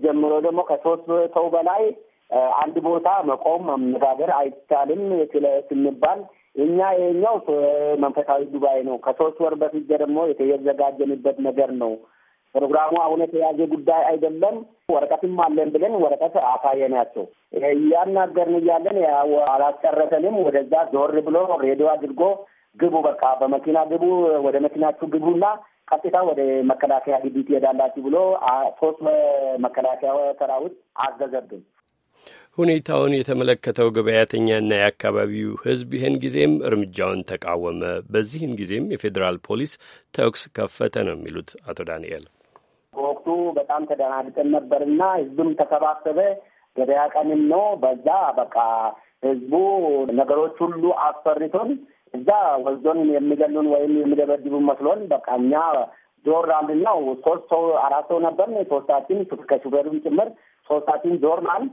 ጀምሮ ደግሞ ከሶስት ሰው በላይ አንድ ቦታ መቆም መነጋገር አይቻልም ስለ ስንባል እኛ የኛው መንፈሳዊ ጉባኤ ነው። ከሶስት ወር በፊት ደግሞ የተዘጋጀንበት ነገር ነው። ፕሮግራሙ አሁን የተያዘ ጉዳይ አይደለም። ወረቀትም አለን ብለን ወረቀት አሳየናቸው። እያናገርን እያለን አላስጨረሰንም። ወደዛ ዞር ብሎ ሬዲዮ አድርጎ ግቡ፣ በቃ በመኪና ግቡ፣ ወደ መኪናችሁ ግቡና ቀጥታ ወደ መከላከያ ግቢ ትሄዳላችሁ ብሎ ሶስት መከላከያ ሰራዊት አዘዘብን። ሁኔታውን የተመለከተው ገበያተኛና የአካባቢው ሕዝብ ይህን ጊዜም እርምጃውን ተቃወመ። በዚህን ጊዜም የፌዴራል ፖሊስ ተኩስ ከፈተ ነው የሚሉት አቶ ዳንኤል። በወቅቱ በጣም ተደናግጠን ነበርና ሕዝብም ተሰባሰበ። ገበያ ቀንም ነው። በዛ በቃ ሕዝቡ ነገሮች ሁሉ አስፈሪቶን እዛ ወስዶን የሚገሉን ወይም የሚደበድቡን መስሎን በቃ እኛ ዞር አልን ነው። ሶስት ሰው አራት ሰው ነበር። ሶስታችን ከሹፌሩም ጭምር ሶስታችን ዞር አል።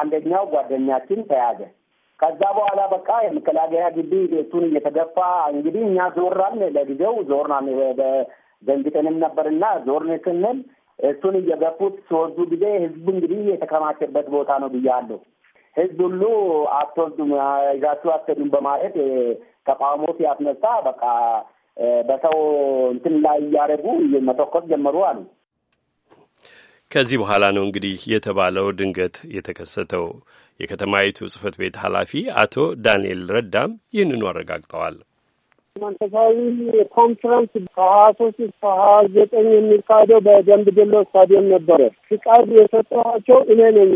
አንደኛው ጓደኛችን ተያዘ። ከዛ በኋላ በቃ የመከላከያ ግቢ ቤቱን እየተገፋ እንግዲህ እኛ ዞራን ለጊዜው ዞር አል። ነበርና ዞርን ስንል እሱን እየገፉት ሲወዱ ጊዜ ህዝቡ እንግዲህ የተከማቸበት ቦታ ነው ብያለሁ። ህዝብ ሁሉ አቶወዱ ይዛችሁ አትሄዱም በማለት ተቃውሞ ሲያስነሳ በቃ በሰው እንትን ላይ እያደረጉ መተኮስ ጀመሩ አሉ። ከዚህ በኋላ ነው እንግዲህ የተባለው ድንገት የተከሰተው። የከተማይቱ ጽህፈት ቤት ኃላፊ አቶ ዳንኤል ረዳም ይህንኑ አረጋግጠዋል። መንፈሳዊ ኮንፈረንስ ከሀያ ሶስት እስከ ሀያ ዘጠኝ የሚካሄደው በደንብ ደሎ ስታዲየም ነበረ። ፍቃድ የሰጠኋቸው እኔ ነኝ።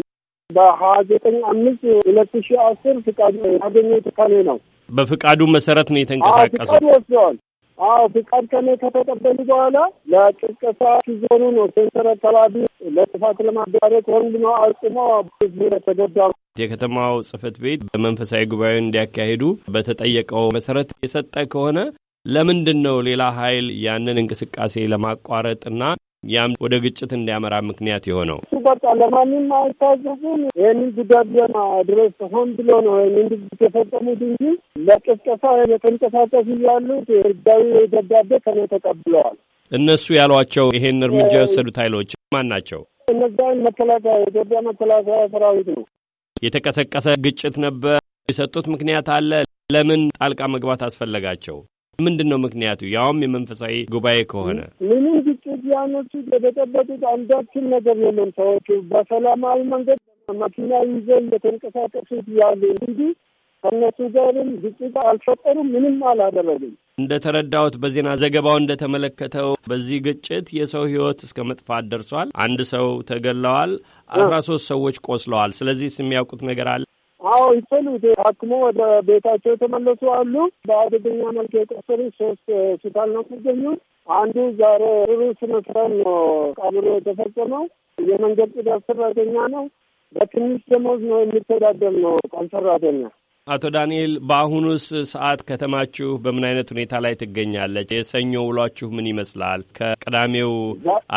በሀያ ዘጠኝ አምስት ሁለት ሺ አስር ፍቃድ ያገኘሁት ከኔ ነው። በፍቃዱ መሰረት ነው የተንቀሳቀሱ ወስደዋል። አዎ ፍቃድ ከኔ ከተቀበሉ በኋላ ለቅስቀሳ ሲዞኑ ነው ሴንተር አካባቢ ለጥፋት ለማዳረግ ሆንድ ነው አቁመው ህዝቡ ተጎዳ። የከተማው ጽህፈት ቤት በመንፈሳዊ ጉባኤ እንዲያካሄዱ በተጠየቀው መሰረት የሰጠ ከሆነ ለምንድን ነው ሌላ ኃይል ያንን እንቅስቃሴ ለማቋረጥ እና ያም ወደ ግጭት እንዲያመራ ምክንያት የሆነው በቃ ለማንም አይታዘዙም። ይህንን ጉዳት ድረስ ሆን ብሎ ነው መንግስት የፈጸሙት እንጂ ለቅስቀሳ የተንቀሳቀሱ ያሉት ህጋዊ ደብዳቤ ከነ ተቀብለዋል። እነሱ ያሏቸው ይሄን እርምጃ የወሰዱት ኃይሎች ማን ናቸው? እነዛን መከላከያ የኢትዮጵያ መከላከያ ሰራዊት ነው። የተቀሰቀሰ ግጭት ነበር። የሰጡት ምክንያት አለ። ለምን ጣልቃ መግባት አስፈለጋቸው? ምንድን ነው ምክንያቱ? ያውም የመንፈሳዊ ጉባኤ ከሆነ ምንም ግጭት ያኖቹ የተጠበጡት አንዳችን ነገር የለም። ሰዎቹ በሰላማዊ መንገድ መኪና ይዘው እየተንቀሳቀሱት ያሉ እንጂ ከእነሱ ጋርም ግጭት አልፈጠሩም። ምንም አላደረግም። እንደ ተረዳሁት በዜና ዘገባው እንደ ተመለከተው በዚህ ግጭት የሰው ህይወት እስከ መጥፋት ደርሷል። አንድ ሰው ተገለዋል። አስራ ሶስት ሰዎች ቆስለዋል። ስለዚህ የሚያውቁት ነገር አለ አዎ ይፈሉት ታክሞ ወደ ቤታቸው የተመለሱ አሉ። በአደገኛ መልክ የቆሰሉ ሶስት ሆስፒታል ነው የሚገኙት። አንዱ ዛሬ ሩሩ ስነስርዓት ነው ቀብሮ የተፈጸመው። የመንገድ ጽዳት ሰራተኛ ነው። በትንሽ ደሞዝ ነው የሚተዳደር ነው ቀን ሰራተኛ አቶ ዳንኤል በአሁኑስ ሰዓት ከተማችሁ በምን አይነት ሁኔታ ላይ ትገኛለች? የሰኞ ውሏችሁ ምን ይመስላል? ከቅዳሜው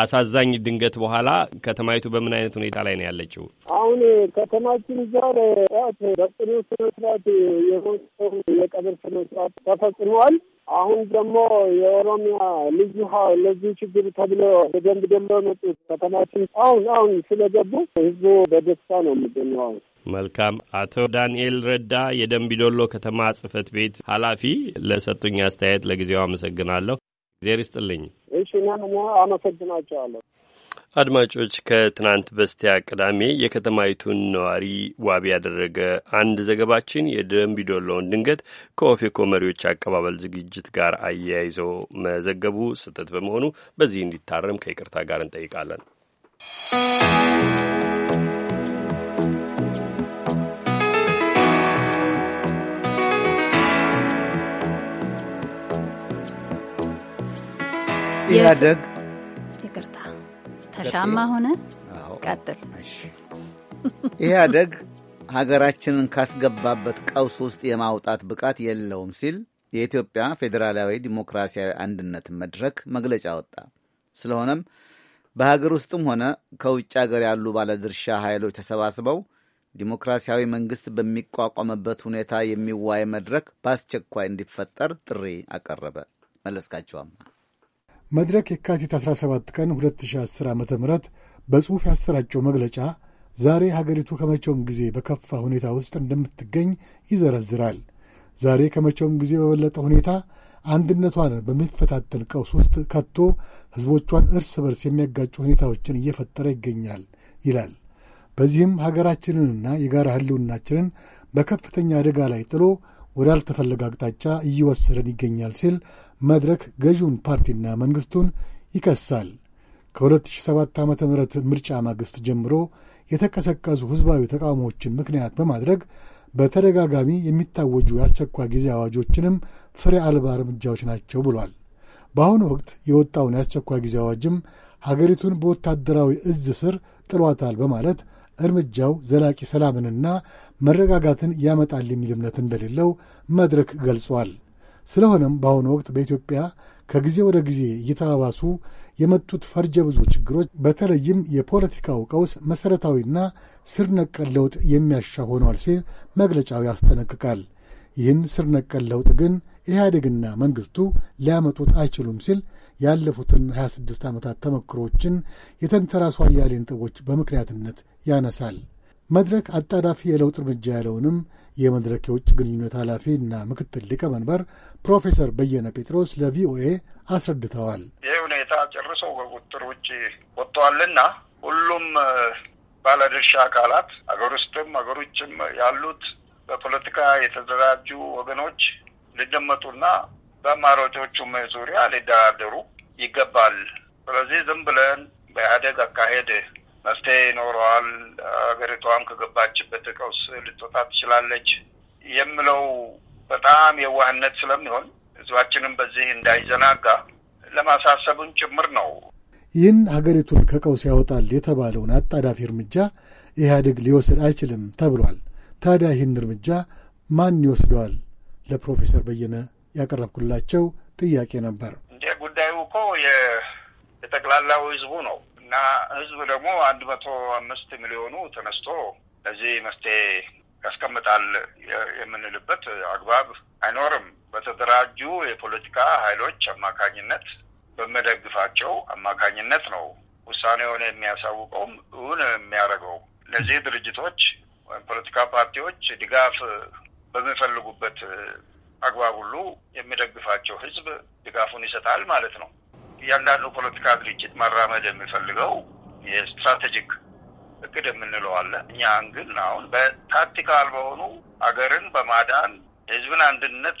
አሳዛኝ ድንገት በኋላ ከተማይቱ በምን አይነት ሁኔታ ላይ ነው ያለችው? አሁን ከተማችን ዛሬ ጠዋት በጽኑ ስነስርዓት የሞተው የቀብር ስነስርዓት ተፈጽሟል። አሁን ደግሞ የኦሮሚያ ልዩ ለዚህ ችግር ተብሎ በደንብ ደሎ መጡት ከተማችን አሁን አሁን ስለገቡ ህዝቡ በደስታ ነው የሚገኘው አሁን መልካም አቶ ዳንኤል ረዳ የደንቢዶሎ ከተማ ጽህፈት ቤት ኃላፊ ለሰጡኝ አስተያየት ለጊዜው አመሰግናለሁ። እግዜር ይስጥልኝ። እሺ እኔም አመሰግናቸዋለሁ። አድማጮች ከትናንት በስቲያ ቅዳሜ የከተማይቱን ነዋሪ ዋቢ ያደረገ አንድ ዘገባችን የደንቢዶሎውን ድንገት ከኦፌኮ መሪዎች አቀባበል ዝግጅት ጋር አያይዞ መዘገቡ ስህተት በመሆኑ በዚህ እንዲታረም ከይቅርታ ጋር እንጠይቃለን። ማደግ ይቅርታ፣ ተሻማ ሆነ። ቀጥል። ኢህአደግ ሀገራችንን ካስገባበት ቀውስ ውስጥ የማውጣት ብቃት የለውም ሲል የኢትዮጵያ ፌዴራላዊ ዲሞክራሲያዊ አንድነት መድረክ መግለጫ ወጣ። ስለሆነም በሀገር ውስጥም ሆነ ከውጭ ሀገር ያሉ ባለድርሻ ኃይሎች ተሰባስበው ዲሞክራሲያዊ መንግስት በሚቋቋምበት ሁኔታ የሚዋይ መድረክ በአስቸኳይ እንዲፈጠር ጥሪ አቀረበ። መለስካቸዋማ መድረክ የካቲት 17 ቀን 2010 ዓ ም በጽሑፍ ያሰራጨው መግለጫ ዛሬ ሀገሪቱ ከመቼውም ጊዜ በከፋ ሁኔታ ውስጥ እንደምትገኝ ይዘረዝራል። ዛሬ ከመቼውም ጊዜ በበለጠ ሁኔታ አንድነቷን በሚፈታተን ቀውስ ውስጥ ከቶ ሕዝቦቿን እርስ በርስ የሚያጋጩ ሁኔታዎችን እየፈጠረ ይገኛል ይላል። በዚህም ሀገራችንንና የጋራ ሕልውናችንን በከፍተኛ አደጋ ላይ ጥሎ ወዳልተፈለገ አቅጣጫ እየወሰደን ይገኛል ሲል መድረክ ገዢውን ፓርቲና መንግሥቱን ይከሳል። ከ2007 ዓ ም ምርጫ ማግስት ጀምሮ የተቀሰቀሱ ሕዝባዊ ተቃውሞዎችን ምክንያት በማድረግ በተደጋጋሚ የሚታወጁ የአስቸኳይ ጊዜ አዋጆችንም ፍሬ አልባ እርምጃዎች ናቸው ብሏል። በአሁኑ ወቅት የወጣውን የአስቸኳይ ጊዜ አዋጅም ሀገሪቱን በወታደራዊ እዝ ስር ጥሏታል በማለት እርምጃው ዘላቂ ሰላምንና መረጋጋትን ያመጣል የሚል እምነት እንደሌለው መድረክ ገልጿል። ስለሆነም በአሁኑ ወቅት በኢትዮጵያ ከጊዜ ወደ ጊዜ እየተባባሱ የመጡት ፈርጀ ብዙ ችግሮች በተለይም የፖለቲካው ቀውስ መሠረታዊና ስር ነቀል ለውጥ የሚያሻ ሆኗል ሲል መግለጫው ያስጠነቅቃል። ይህን ስር ነቀል ለውጥ ግን ኢህአዴግና መንግሥቱ ሊያመጡት አይችሉም ሲል ያለፉትን 26 ዓመታት ተመክሮዎችን የተንተራሱ አያሌ ነጥቦች በምክንያትነት ያነሳል። መድረክ አጣዳፊ የለውጥ እርምጃ ያለውንም የመድረክ የውጭ ግንኙነት ኃላፊ እና ምክትል ሊቀመንበር ፕሮፌሰር በየነ ጴጥሮስ ለቪኦኤ አስረድተዋል። ይህ ሁኔታ ጨርሶ ከቁጥር ውጭ ወጥተዋልና ሁሉም ባለድርሻ አካላት አገር ውስጥም አገር ውጭም ያሉት በፖለቲካ የተደራጁ ወገኖች ሊደመጡና በአማራጮቹም ዙሪያ ሊደራደሩ ይገባል። ስለዚህ ዝም ብለን በኢህአዴግ አካሄድ መፍትሄ ይኖረዋል፣ ሀገሪቷም ከገባችበት ቀውስ ልትወጣ ትችላለች የሚለው በጣም የዋህነት ስለሚሆን ህዝባችንም በዚህ እንዳይዘናጋ ለማሳሰቡን ጭምር ነው። ይህን ሀገሪቱን ከቀውስ ያወጣል የተባለውን አጣዳፊ እርምጃ ኢህአዴግ ሊወስድ አይችልም ተብሏል። ታዲያ ይህን እርምጃ ማን ይወስደዋል? ለፕሮፌሰር በየነ ያቀረብኩላቸው ጥያቄ ነበር። እንደ ጉዳዩ እኮ የጠቅላላው ህዝቡ ነው እና ህዝብ ደግሞ አንድ መቶ አምስት ሚሊዮኑ ተነስቶ ለዚህ መፍትሄ ያስቀምጣል የምንልበት አማካኝነት በመደግፋቸው አማካኝነት ነው ውሳኔውን የሚያሳውቀውም እውን የሚያደርገው። እነዚህ ድርጅቶች ወይም ፖለቲካ ፓርቲዎች ድጋፍ በሚፈልጉበት አግባብ ሁሉ የሚደግፋቸው ህዝብ ድጋፉን ይሰጣል ማለት ነው። እያንዳንዱ ፖለቲካ ድርጅት መራመድ የሚፈልገው የስትራቴጂክ እቅድ የምንለው አለ። እኛ ግን አሁን በታክቲካል በሆኑ አገርን በማዳን የህዝብን አንድነት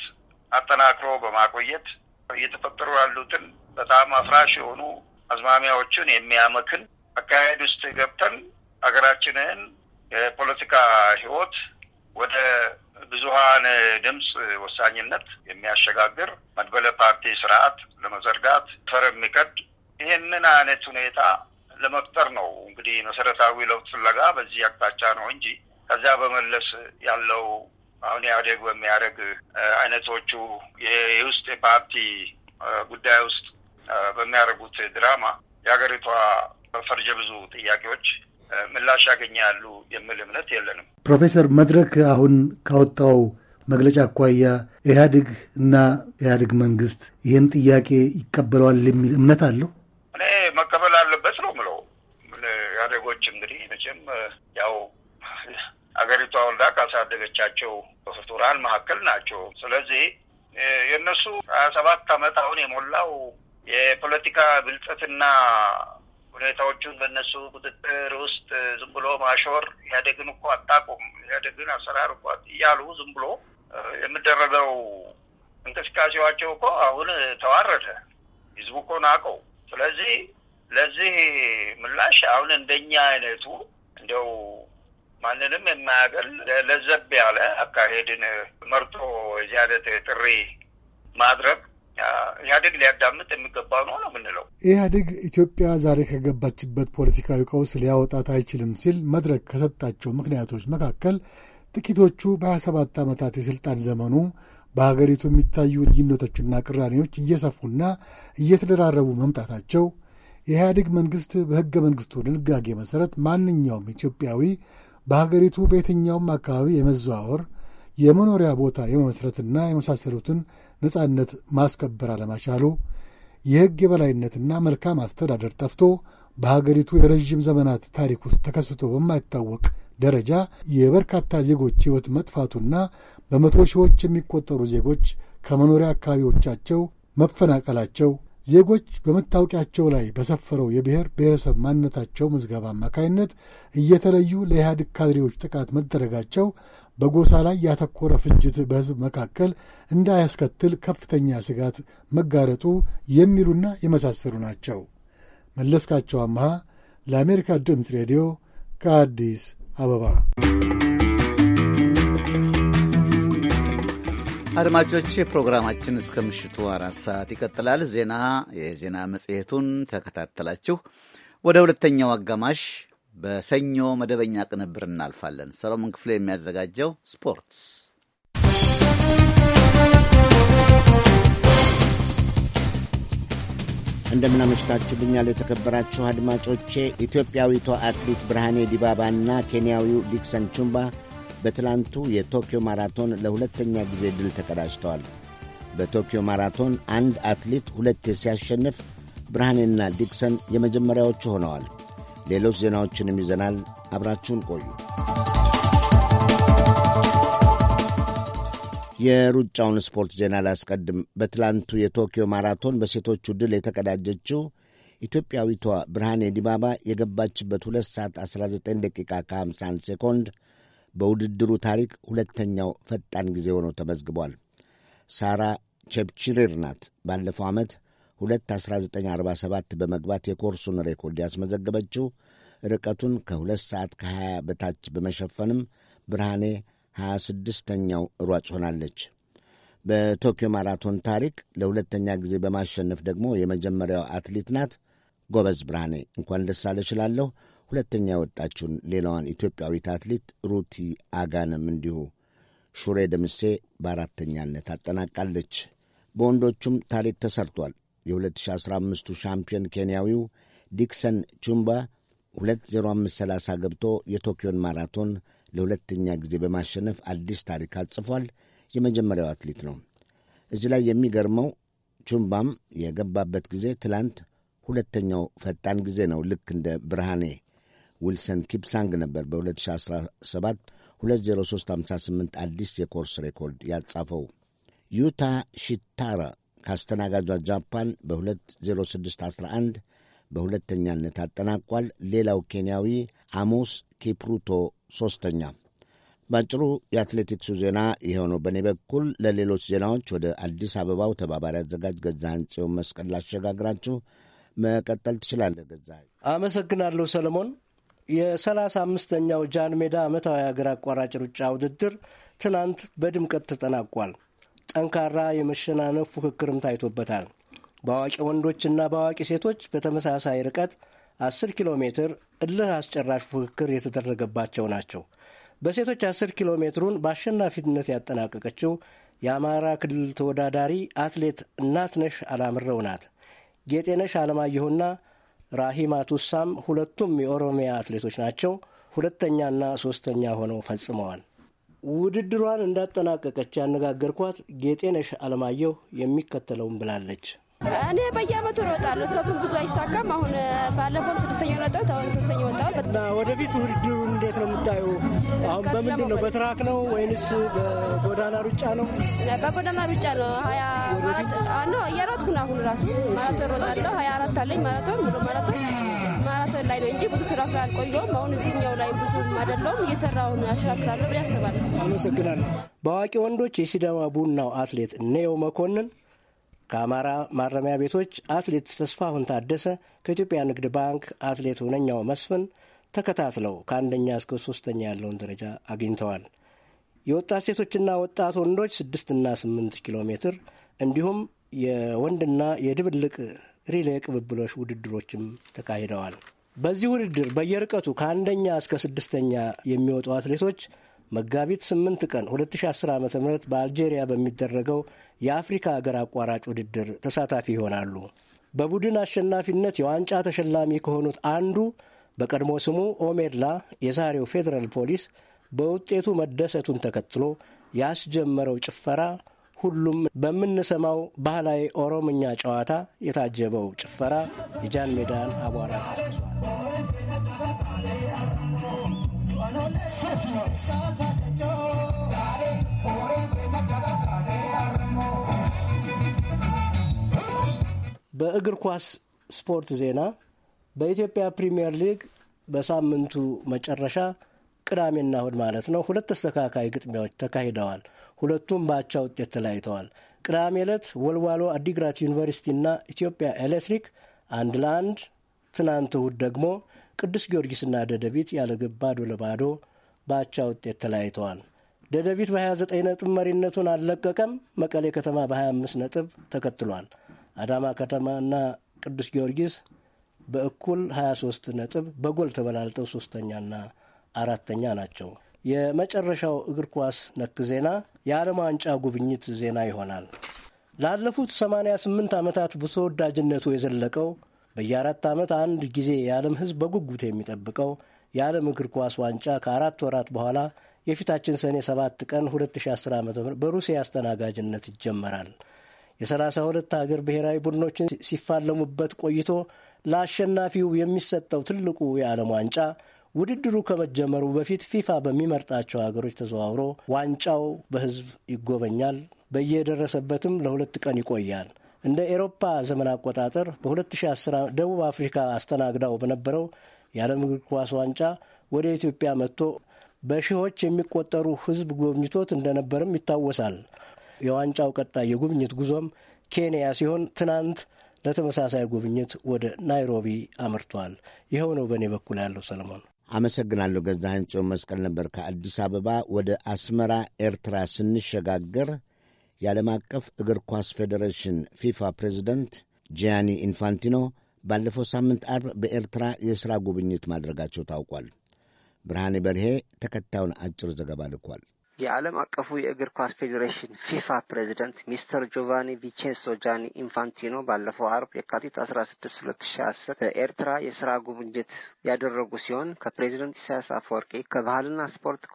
አጠናክሮ በማቆየት እየተፈጠሩ ያሉትን በጣም አፍራሽ የሆኑ አዝማሚያዎችን የሚያመክን አካሄድ ውስጥ ገብተን ሀገራችንን የፖለቲካ ህይወት ወደ ብዙሀን ድምፅ ወሳኝነት የሚያሸጋግር መድበለ ፓርቲ ስርዓት ለመዘርጋት ፈር የሚቀድ ይህንን አይነት ሁኔታ ለመፍጠር ነው እንግዲህ መሰረታዊ ለውጥ ፍለጋ በዚህ አቅጣጫ ነው እንጂ ከዚያ በመለስ ያለው አሁን ኢህአዴግ በሚያደርግ አይነቶቹ የውስጥ የፓርቲ ጉዳይ ውስጥ በሚያደርጉት ድራማ የሀገሪቷ ፈርጀ ብዙ ጥያቄዎች ምላሽ ያገኛሉ የሚል እምነት የለንም። ፕሮፌሰር መድረክ አሁን ካወጣው መግለጫ አኳያ ኢህአዴግ እና ኢህአዴግ መንግስት ይህን ጥያቄ ይቀበለዋል የሚል እምነት አለው። እኔ መቀበል አለበት ነው ምለው ኢህአዴጎች እንግዲህ መቼም ያው አገሪቷ ወልዳ ካሳደገቻቸው ፍጡራን መካከል ናቸው። ስለዚህ የእነሱ ሀያ ሰባት አመት አሁን የሞላው የፖለቲካ ብልጸትና ሁኔታዎቹን በእነሱ ቁጥጥር ውስጥ ዝም ብሎ ማሾር ኢህአዴግን እኮ አታውቁም፣ ኢህአዴግን አሰራር እኮ እያሉ ዝም ብሎ የምደረገው እንቅስቃሴዋቸው እኮ አሁን ተዋረደ። ህዝቡ እኮ ናቀው። ስለዚህ ለዚህ ምላሽ አሁን እንደኛ አይነቱ እንደው ማንንም የማያገል ለዘብ ያለ አካሄድን መርጦ የዚህ አይነት ጥሪ ማድረግ ኢህአዴግ ሊያዳምጥ የሚገባ ነው ነው የምንለው። ኢህአዴግ ኢትዮጵያ ዛሬ ከገባችበት ፖለቲካዊ ቀውስ ሊያወጣት አይችልም ሲል መድረክ ከሰጣቸው ምክንያቶች መካከል ጥቂቶቹ በሀያ ሰባት ዓመታት የሥልጣን ዘመኑ በሀገሪቱ የሚታዩ ልዩነቶችና ቅራኔዎች እየሰፉና እየተደራረቡ መምጣታቸው የኢህአዴግ መንግሥት በሕገ መንግሥቱ ድንጋጌ መሠረት ማንኛውም ኢትዮጵያዊ በሀገሪቱ በየትኛውም አካባቢ የመዘዋወር የመኖሪያ ቦታ የመመስረትና የመሳሰሉትን ነጻነት ማስከበር አለመቻሉ የሕግ የበላይነትና መልካም አስተዳደር ጠፍቶ በሀገሪቱ የረዥም ዘመናት ታሪክ ውስጥ ተከስቶ በማይታወቅ ደረጃ የበርካታ ዜጎች ሕይወት መጥፋቱና በመቶ ሺዎች የሚቆጠሩ ዜጎች ከመኖሪያ አካባቢዎቻቸው መፈናቀላቸው ዜጎች በመታወቂያቸው ላይ በሰፈረው የብሔር ብሔረሰብ ማንነታቸው ምዝገባ አማካይነት እየተለዩ ለኢህአዴግ ካድሬዎች ጥቃት መደረጋቸው በጎሳ ላይ ያተኮረ ፍጅት በሕዝብ መካከል እንዳያስከትል ከፍተኛ ስጋት መጋረጡ የሚሉና የመሳሰሉ ናቸው። መለስካቸው አምሃ ለአሜሪካ ድምፅ ሬዲዮ ከአዲስ አበባ አድማጮች ፕሮግራማችን እስከ ምሽቱ አራት ሰዓት ይቀጥላል። ዜና የዜና መጽሔቱን ተከታተላችሁ። ወደ ሁለተኛው አጋማሽ በሰኞ መደበኛ ቅንብር እናልፋለን። ሰሎሞን ክፍሌ የሚያዘጋጀው ስፖርት እንደምናመሽታችሁልኛል የተከበራችሁ አድማጮቼ። ኢትዮጵያዊቷ አትሌት ብርሃኔ ዲባባና ኬንያዊው ዲክሰን ቹምባ በትላንቱ የቶኪዮ ማራቶን ለሁለተኛ ጊዜ ድል ተቀዳጅተዋል። በቶኪዮ ማራቶን አንድ አትሌት ሁለቴ ሲያሸንፍ ብርሃኔና ዲክሰን የመጀመሪያዎቹ ሆነዋል። ሌሎች ዜናዎችንም ይዘናል። አብራችሁን ቆዩ። የሩጫውን ስፖርት ዜና ላስቀድም። በትላንቱ የቶኪዮ ማራቶን በሴቶቹ ድል የተቀዳጀችው ኢትዮጵያዊቷ ብርሃኔ ዲባባ የገባችበት 2 ሰዓት 19 ደቂቃ ከ 50 ሴኮንድ በውድድሩ ታሪክ ሁለተኛው ፈጣን ጊዜ ሆኖ ተመዝግቧል። ሳራ ቼፕቺሪር ናት ባለፈው ዓመት 2፡1947 በመግባት የኮርሱን ሬኮርድ ያስመዘገበችው። ርቀቱን ከ2 ሰዓት ከ20 በታች በመሸፈንም ብርሃኔ 26ኛው ሯጭ ሆናለች። በቶኪዮ ማራቶን ታሪክ ለሁለተኛ ጊዜ በማሸነፍ ደግሞ የመጀመሪያው አትሌት ናት። ጎበዝ ብርሃኔ፣ እንኳን ደስ አለሽ እላለሁ። ሁለተኛ የወጣችውን ሌላዋን ኢትዮጵያዊት አትሌት ሩቲ አጋንም እንዲሁ ሹሬ ደምሴ በአራተኛነት አጠናቃለች። በወንዶቹም ታሪክ ተሰርቷል። የ2015ቱ ሻምፒዮን ኬንያዊው ዲክሰን ቹምባ 20530 ገብቶ የቶኪዮን ማራቶን ለሁለተኛ ጊዜ በማሸነፍ አዲስ ታሪክ አጽፏል። የመጀመሪያው አትሌት ነው። እዚህ ላይ የሚገርመው ቹምባም የገባበት ጊዜ ትላንት ሁለተኛው ፈጣን ጊዜ ነው። ልክ እንደ ብርሃኔ ዊልሰን ኪፕሳንግ ነበር በ2017 20358 አዲስ የኮርስ ሬኮርድ ያጻፈው። ዩታ ሽታራ ካስተናጋጇ ጃፓን በ20611 በሁለተኛነት አጠናቋል። ሌላው ኬንያዊ አሞስ ኬፕሩቶ ሦስተኛ። ባጭሩ የአትሌቲክሱ ዜና ይኸው ነው። በእኔ በኩል ለሌሎች ዜናዎች ወደ አዲስ አበባው ተባባሪ አዘጋጅ ገዛኸኝ ጽዮን መስቀል ላሸጋግራችሁ። መቀጠል ትችላለህ ገዛ። አመሰግናለሁ ሰለሞን። የሰላሳ አምስተኛው ጃን ሜዳ ዓመታዊ አገር አቋራጭ ሩጫ ውድድር ትናንት በድምቀት ተጠናቋል። ጠንካራ የመሸናነፍ ፉክክርም ታይቶበታል። በአዋቂ ወንዶችና በአዋቂ ሴቶች በተመሳሳይ ርቀት አስር ኪሎ ሜትር እልህ አስጨራሽ ፉክክር የተደረገባቸው ናቸው። በሴቶች አስር ኪሎ ሜትሩን በአሸናፊነት ያጠናቀቀችው የአማራ ክልል ተወዳዳሪ አትሌት እናትነሽ አላምረው ናት። ጌጤነሽ አለማየሁና ራሂማ ቱሳም ሁለቱም የኦሮሚያ አትሌቶች ናቸው። ሁለተኛና ሶስተኛ ሆነው ፈጽመዋል። ውድድሯን እንዳጠናቀቀች ያነጋገርኳት ጌጤነሽ አለማየሁ የሚከተለውም ብላለች። እኔ በየአመቱ እሮጣለሁ። ሰው ግን ብዙ አይሳካም። አሁን ባለፈው ስድስተኛ ወጣሁት፣ አሁን ሶስተኛ ወጣሁ። ወደፊት ውድድሩ እንዴት ነው የምታዩ? አሁን በምንድን ነው በትራክ ነው ወይንስ በጎዳና ሩጫ ነው? በጎዳና ሩጫ ነው። ሀያ ነው እየሮጥኩ ነው። አሁን ራሱ ማራቶን እሮጣለሁ። ሀያ አራት አለኝ ማራቶን፣ ሙሉ ማራቶን ማራቶን ላይ ነው እንጂ ብዙ ትራክ ላይ አልቆየሁም። አሁን እዚህኛው ላይ ብዙ አይደለሁም። እየሰራሁ አሽራክራለሁ ብዬ አስባለሁ። አመሰግናለሁ። በአዋቂ ወንዶች የሲዳማ ቡናው አትሌት ኔዮ መኮንን ከአማራ ማረሚያ ቤቶች አትሌት ተስፋሁን ታደሰ፣ ከኢትዮጵያ ንግድ ባንክ አትሌት ሁነኛው መስፍን ተከታትለው ከአንደኛ እስከ ሶስተኛ ያለውን ደረጃ አግኝተዋል። የወጣት ሴቶችና ወጣት ወንዶች ስድስትና ስምንት ኪሎ ሜትር እንዲሁም የወንድና የድብልቅ ሪሌ ቅብብሎች ውድድሮችም ተካሂደዋል። በዚህ ውድድር በየርቀቱ ከአንደኛ እስከ ስድስተኛ የሚወጡ አትሌቶች መጋቢት 8 ቀን 2010 ዓ ም በአልጄሪያ በሚደረገው የአፍሪካ ሀገር አቋራጭ ውድድር ተሳታፊ ይሆናሉ። በቡድን አሸናፊነት የዋንጫ ተሸላሚ ከሆኑት አንዱ በቀድሞ ስሙ ኦሜድላ የዛሬው ፌዴራል ፖሊስ በውጤቱ መደሰቱን ተከትሎ ያስጀመረው ጭፈራ ሁሉም በምንሰማው ባህላዊ ኦሮምኛ ጨዋታ የታጀበው ጭፈራ የጃን ሜዳን አቧራ አስብሷል በእግር ኳስ ስፖርት ዜና በኢትዮጵያ ፕሪምየር ሊግ በሳምንቱ መጨረሻ ቅዳሜና እሁድ ማለት ነው ሁለት ተስተካካይ ግጥሚያዎች ተካሂደዋል። ሁለቱም በአቻ ውጤት ተለያይተዋል። ቅዳሜ ዕለት ወልዋሎ አዲግራት ዩኒቨርሲቲና ኢትዮጵያ ኤሌክትሪክ አንድ ለአንድ፣ ትናንት እሁድ ደግሞ ቅዱስ ጊዮርጊስና ደደቢት ያለ ግብ ባዶ ለባዶ በአቻ ውጤት ተለያይተዋል። ደደቢት በ29 ነጥብ መሪነቱን አልለቀቀም። መቀሌ ከተማ በ25 ነጥብ ተከትሏል። አዳማ ከተማና ቅዱስ ጊዮርጊስ በእኩል 23 ነጥብ በጎል ተበላልጠው ሶስተኛና አራተኛ ናቸው። የመጨረሻው እግር ኳስ ነክ ዜና የዓለም ዋንጫ ጉብኝት ዜና ይሆናል። ላለፉት 88 ዓመታት በተወዳጅነቱ የዘለቀው በየአራት ዓመት አንድ ጊዜ የዓለም ሕዝብ በጉጉት የሚጠብቀው የዓለም እግር ኳስ ዋንጫ ከአራት ወራት በኋላ የፊታችን ሰኔ 7 ቀን 2010 ዓ ም በሩሲያ አስተናጋጅነት ይጀመራል የሰላሳ ሁለት ሀገር ብሔራዊ ቡድኖችን ሲፋለሙበት ቆይቶ ለአሸናፊው የሚሰጠው ትልቁ የዓለም ዋንጫ ውድድሩ ከመጀመሩ በፊት ፊፋ በሚመርጣቸው ሀገሮች ተዘዋውሮ ዋንጫው በሕዝብ ይጎበኛል። በየደረሰበትም ለሁለት ቀን ይቆያል። እንደ ኤሮፓ ዘመን አቆጣጠር በ2010 ደቡብ አፍሪካ አስተናግዳው በነበረው የዓለም እግር ኳስ ዋንጫ ወደ ኢትዮጵያ መጥቶ በሺዎች የሚቆጠሩ ሕዝብ ጎብኝቶት እንደነበርም ይታወሳል። የዋንጫው ቀጣይ የጉብኝት ጉዞም ኬንያ ሲሆን ትናንት ለተመሳሳይ ጉብኝት ወደ ናይሮቢ አምርቷል። ይኸው ነው በእኔ በኩል ያለው። ሰለሞን አመሰግናለሁ። ገዛኸኝ ጽዮን መስቀል ነበር ከአዲስ አበባ ወደ አስመራ ኤርትራ ስንሸጋገር የዓለም አቀፍ እግር ኳስ ፌዴሬሽን ፊፋ ፕሬዚደንት ጂያኒ ኢንፋንቲኖ ባለፈው ሳምንት አርብ በኤርትራ የሥራ ጉብኝት ማድረጋቸው ታውቋል። ብርሃኔ በርሄ ተከታዩን አጭር ዘገባ ልኳል። የዓለም አቀፉ የእግር ኳስ ፌዴሬሽን ፊፋ ፕሬዚደንት ሚስተር ጆቫኒ ቪቼንሶ ጃኒ ኢንፋንቲኖ ባለፈው አርብ የካቲት አስራ ስድስት ሁለት ሺ አስር በኤርትራ የስራ ጉብኝት ያደረጉ ሲሆን ከፕሬዚደንት ኢሳያስ አፈወርቂ ከባህልና ስፖርት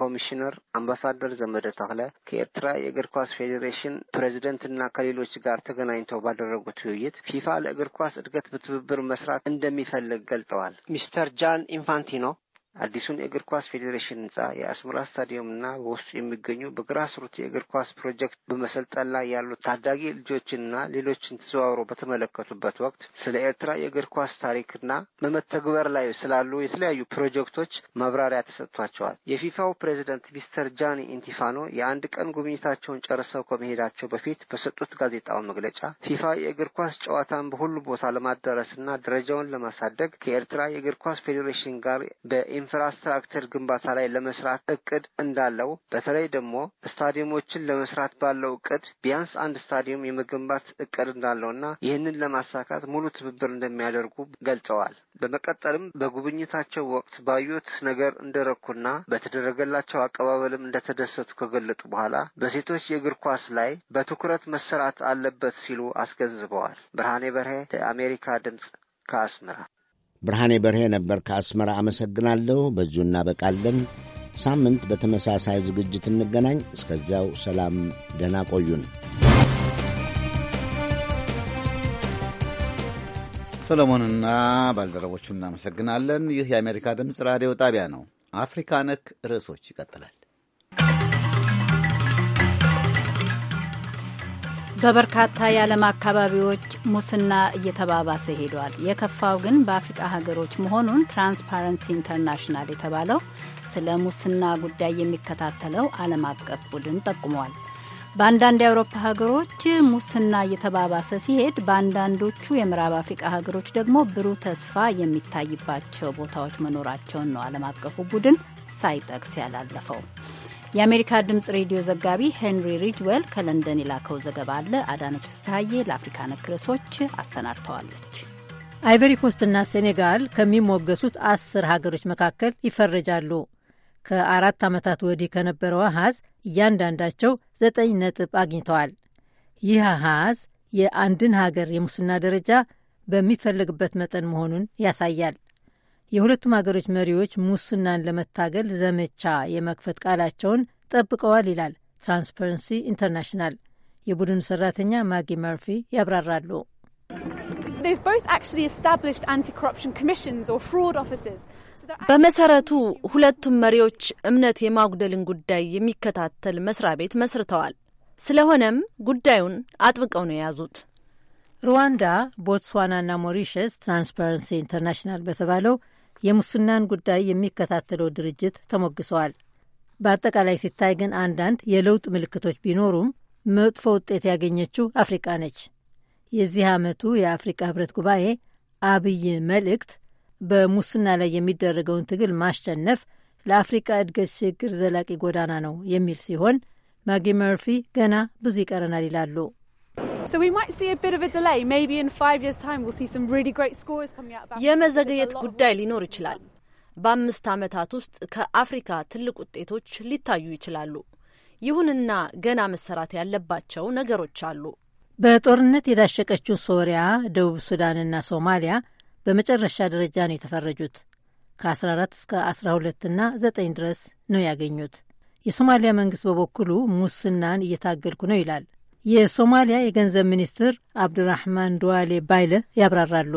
ኮሚሽነር አምባሳደር ዘመደ ተክለ ከኤርትራ የእግር ኳስ ፌዴሬሽን ፕሬዚደንትና ከሌሎች ጋር ተገናኝተው ባደረጉት ውይይት ፊፋ ለእግር ኳስ እድገት በትብብር መስራት እንደሚፈልግ ገልጠዋል። ሚስተር ጃን ኢንፋንቲኖ አዲሱን የእግር ኳስ ፌዴሬሽን ህንጻ የአስመራ ስታዲየምና በውስጡ የሚገኙ በግራ ስሩት የእግር ኳስ ፕሮጀክት በመሰልጠን ላይ ያሉ ታዳጊ ልጆችንና ሌሎችን ተዘዋውሮ በተመለከቱበት ወቅት ስለ ኤርትራ የእግር ኳስ ታሪክና በመተግበር ላይ ስላሉ የተለያዩ ፕሮጀክቶች ማብራሪያ ተሰጥቷቸዋል። የፊፋው ፕሬዚደንት ሚስተር ጃኒ ኢንቲፋኖ የአንድ ቀን ጉብኝታቸውን ጨርሰው ከመሄዳቸው በፊት በሰጡት ጋዜጣዊ መግለጫ ፊፋ የእግር ኳስ ጨዋታን በሁሉ ቦታ ለማዳረስና ደረጃውን ለማሳደግ ከኤርትራ የእግር ኳስ ፌዴሬሽን ጋር በኢም ኢንፍራስትራክቸር ግንባታ ላይ ለመስራት እቅድ እንዳለው በተለይ ደግሞ ስታዲየሞችን ለመስራት ባለው እቅድ ቢያንስ አንድ ስታዲየም የመገንባት እቅድ እንዳለውና ይህንን ለማሳካት ሙሉ ትብብር እንደሚያደርጉ ገልጸዋል። በመቀጠልም በጉብኝታቸው ወቅት ባዩት ነገር እንደረኩና በተደረገላቸው አቀባበልም እንደተደሰቱ ከገለጡ በኋላ በሴቶች የእግር ኳስ ላይ በትኩረት መሰራት አለበት ሲሉ አስገንዝበዋል። ብርሃኔ በርሄ ለአሜሪካ ድምፅ ከአስመራ ብርሃኔ በርሄ ነበር ከአስመራ አመሰግናለሁ። በዚሁ እናበቃለን። ሳምንት በተመሳሳይ ዝግጅት እንገናኝ። እስከዚያው ሰላም፣ ደህና ቆዩን። ሰሎሞንና ባልደረቦቹ እናመሰግናለን። ይህ የአሜሪካ ድምፅ ራዲዮ ጣቢያ ነው። አፍሪካ ነክ ርዕሶች ይቀጥላል። በበርካታ የዓለም አካባቢዎች ሙስና እየተባባሰ ሄዷል። የከፋው ግን በአፍሪቃ ሀገሮች መሆኑን ትራንስፓረንሲ ኢንተርናሽናል የተባለው ስለ ሙስና ጉዳይ የሚከታተለው ዓለም አቀፍ ቡድን ጠቁሟል። በአንዳንድ የአውሮፓ ሀገሮች ሙስና እየተባባሰ ሲሄድ በአንዳንዶቹ የምዕራብ አፍሪቃ ሀገሮች ደግሞ ብሩህ ተስፋ የሚታይባቸው ቦታዎች መኖራቸውን ነው ዓለም አቀፉ ቡድን ሳይጠቅስ ያላለፈው። የአሜሪካ ድምፅ ሬዲዮ ዘጋቢ ሄንሪ ሪጅዌል ከለንደን የላከው ዘገባ አለ። አዳነች ፍስሐዬ ለአፍሪካ ነክ ርዕሶች አሰናድተዋለች። አይቨሪ ኮስትና ሴኔጋል ከሚሞገሱት አስር ሀገሮች መካከል ይፈረጃሉ። ከአራት ዓመታት ወዲህ ከነበረው አሃዝ እያንዳንዳቸው ዘጠኝ ነጥብ አግኝተዋል። ይህ አሃዝ የአንድን ሀገር የሙስና ደረጃ በሚፈልግበት መጠን መሆኑን ያሳያል። የሁለቱም ሀገሮች መሪዎች ሙስናን ለመታገል ዘመቻ የመክፈት ቃላቸውን ጠብቀዋል ይላል ትራንስፐረንሲ ኢንተርናሽናል። የቡድኑ ሰራተኛ ማጊ መርፊ ያብራራሉ። በመሰረቱ ሁለቱም መሪዎች እምነት የማጉደልን ጉዳይ የሚከታተል መስሪያ ቤት መስርተዋል። ስለሆነም ጉዳዩን አጥብቀው ነው የያዙት። ሩዋንዳ፣ ቦትስዋናና ሞሪሸስ ትራንስፓረንሲ ኢንተርናሽናል በተባለው የሙስናን ጉዳይ የሚከታተለው ድርጅት ተሞግሰዋል። በአጠቃላይ ሲታይ ግን አንዳንድ የለውጥ ምልክቶች ቢኖሩም መጥፎ ውጤት ያገኘችው አፍሪቃ ነች። የዚህ ዓመቱ የአፍሪቃ ህብረት ጉባኤ አብይ መልእክት በሙስና ላይ የሚደረገውን ትግል ማሸነፍ ለአፍሪቃ እድገት ችግር ዘላቂ ጎዳና ነው የሚል ሲሆን ማጊ መርፊ ገና ብዙ ይቀረናል ይላሉ። የመዘገየት ጉዳይ ሊኖር ይችላል። በአምስት ዓመታት ውስጥ ከአፍሪካ ትልቅ ውጤቶች ሊታዩ ይችላሉ። ይሁንና ገና መሰራት ያለባቸው ነገሮች አሉ። በጦርነት የዳሸቀችው ሶሪያ፣ ደቡብ ሱዳንና ሶማሊያ በመጨረሻ ደረጃ ነው የተፈረጁት። ከ14 እስከ 12ና 9 ድረስ ነው ያገኙት። የሶማሊያ መንግስት በበኩሉ ሙስናን እየታገልኩ ነው ይላል። የሶማሊያ የገንዘብ ሚኒስትር አብዱራህማን ድዋሌ ባይለ ያብራራሉ።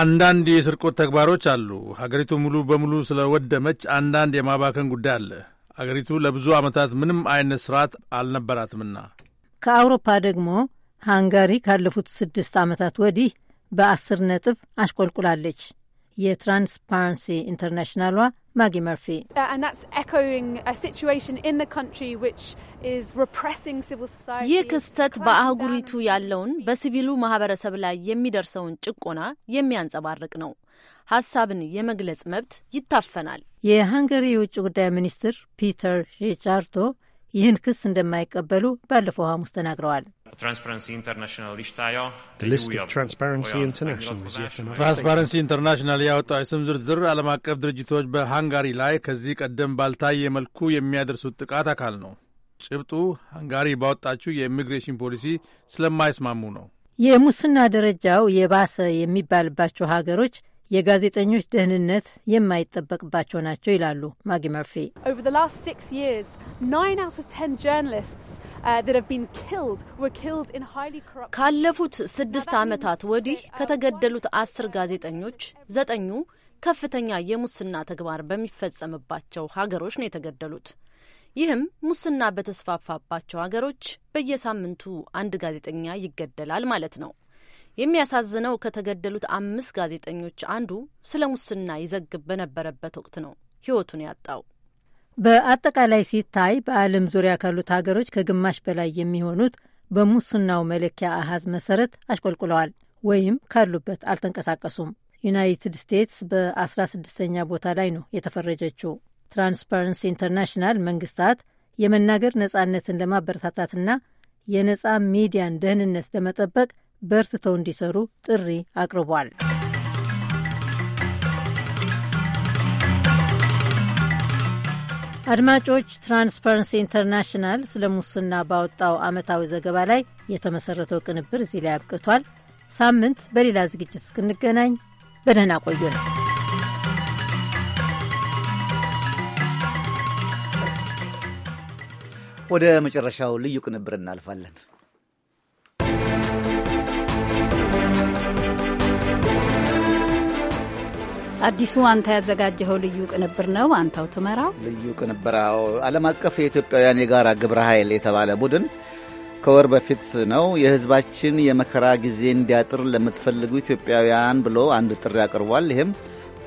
አንዳንድ የስርቆት ተግባሮች አሉ። ሀገሪቱ ሙሉ በሙሉ ስለወደመች አንዳንድ የማባከን ጉዳይ አለ። አገሪቱ ለብዙ ዓመታት ምንም አይነት ስርዓት አልነበራትምና። ከአውሮፓ ደግሞ ሃንጋሪ ካለፉት ስድስት ዓመታት ወዲህ በአስር ነጥብ አሽቆልቁላለች። የትራንስፓረንሲ ኢንተርናሽናሏ ማጊ መርፊ uh, ይህ ክስተት በአህጉሪቱ ያለውን በሲቪሉ ማህበረሰብ ላይ የሚደርሰውን ጭቆና የሚያንጸባርቅ ነው። ሀሳብን የመግለጽ መብት ይታፈናል። የሃንገሪ የውጭ ጉዳይ ሚኒስትር ፒተር ሪቻርዶ ይህን ክስ እንደማይቀበሉ ባለፈው ሐሙስ ተናግረዋል። ትራንስፓረንሲ ኢንተርናሽናል ያወጣው የስም ዝርዝር ዓለም አቀፍ ድርጅቶች በሃንጋሪ ላይ ከዚህ ቀደም ባልታየ መልኩ የሚያደርሱት ጥቃት አካል ነው። ጭብጡ ሃንጋሪ ባወጣችው የኢሚግሬሽን ፖሊሲ ስለማይስማሙ ነው። የሙስና ደረጃው የባሰ የሚባልባቸው ሀገሮች የጋዜጠኞች ደህንነት የማይጠበቅባቸው ናቸው ይላሉ ማጊ መርፊ። uh, ካለፉት ስድስት ዓመታት ወዲህ ከተገደሉት አስር ጋዜጠኞች ዘጠኙ ከፍተኛ የሙስና ተግባር በሚፈጸምባቸው ሀገሮች ነው የተገደሉት። ይህም ሙስና በተስፋፋባቸው ሀገሮች በየሳምንቱ አንድ ጋዜጠኛ ይገደላል ማለት ነው። የሚያሳዝነው ከተገደሉት አምስት ጋዜጠኞች አንዱ ስለ ሙስና ይዘግብ በነበረበት ወቅት ነው ሕይወቱን ያጣው። በአጠቃላይ ሲታይ በዓለም ዙሪያ ካሉት ሀገሮች ከግማሽ በላይ የሚሆኑት በሙስናው መለኪያ አሃዝ መሰረት አሽቆልቁለዋል ወይም ካሉበት አልተንቀሳቀሱም። ዩናይትድ ስቴትስ በ16ኛ ቦታ ላይ ነው የተፈረጀችው። ትራንስፓረንሲ ኢንተርናሽናል መንግስታት የመናገር ነጻነትን ለማበረታታትና የነጻ ሚዲያን ደህንነት ለመጠበቅ በርትተው እንዲሰሩ ጥሪ አቅርቧል። አድማጮች፣ ትራንስፓረንሲ ኢንተርናሽናል ስለ ሙስና ባወጣው ዓመታዊ ዘገባ ላይ የተመሰረተው ቅንብር እዚህ ላይ አብቅቷል። ሳምንት በሌላ ዝግጅት እስክንገናኝ በደህና ቆዩ ነው። ወደ መጨረሻው ልዩ ቅንብር እናልፋለን። አዲሱ አንተ ያዘጋጀኸው ልዩ ቅንብር ነው። አንተው ትመራው ልዩ ቅንብር። ዓለም አቀፍ የኢትዮጵያውያን የጋራ ግብረ ኃይል የተባለ ቡድን ከወር በፊት ነው የሕዝባችን የመከራ ጊዜ እንዲያጥር ለምትፈልጉ ኢትዮጵያውያን ብሎ አንድ ጥሪ አቅርቧል። ይህም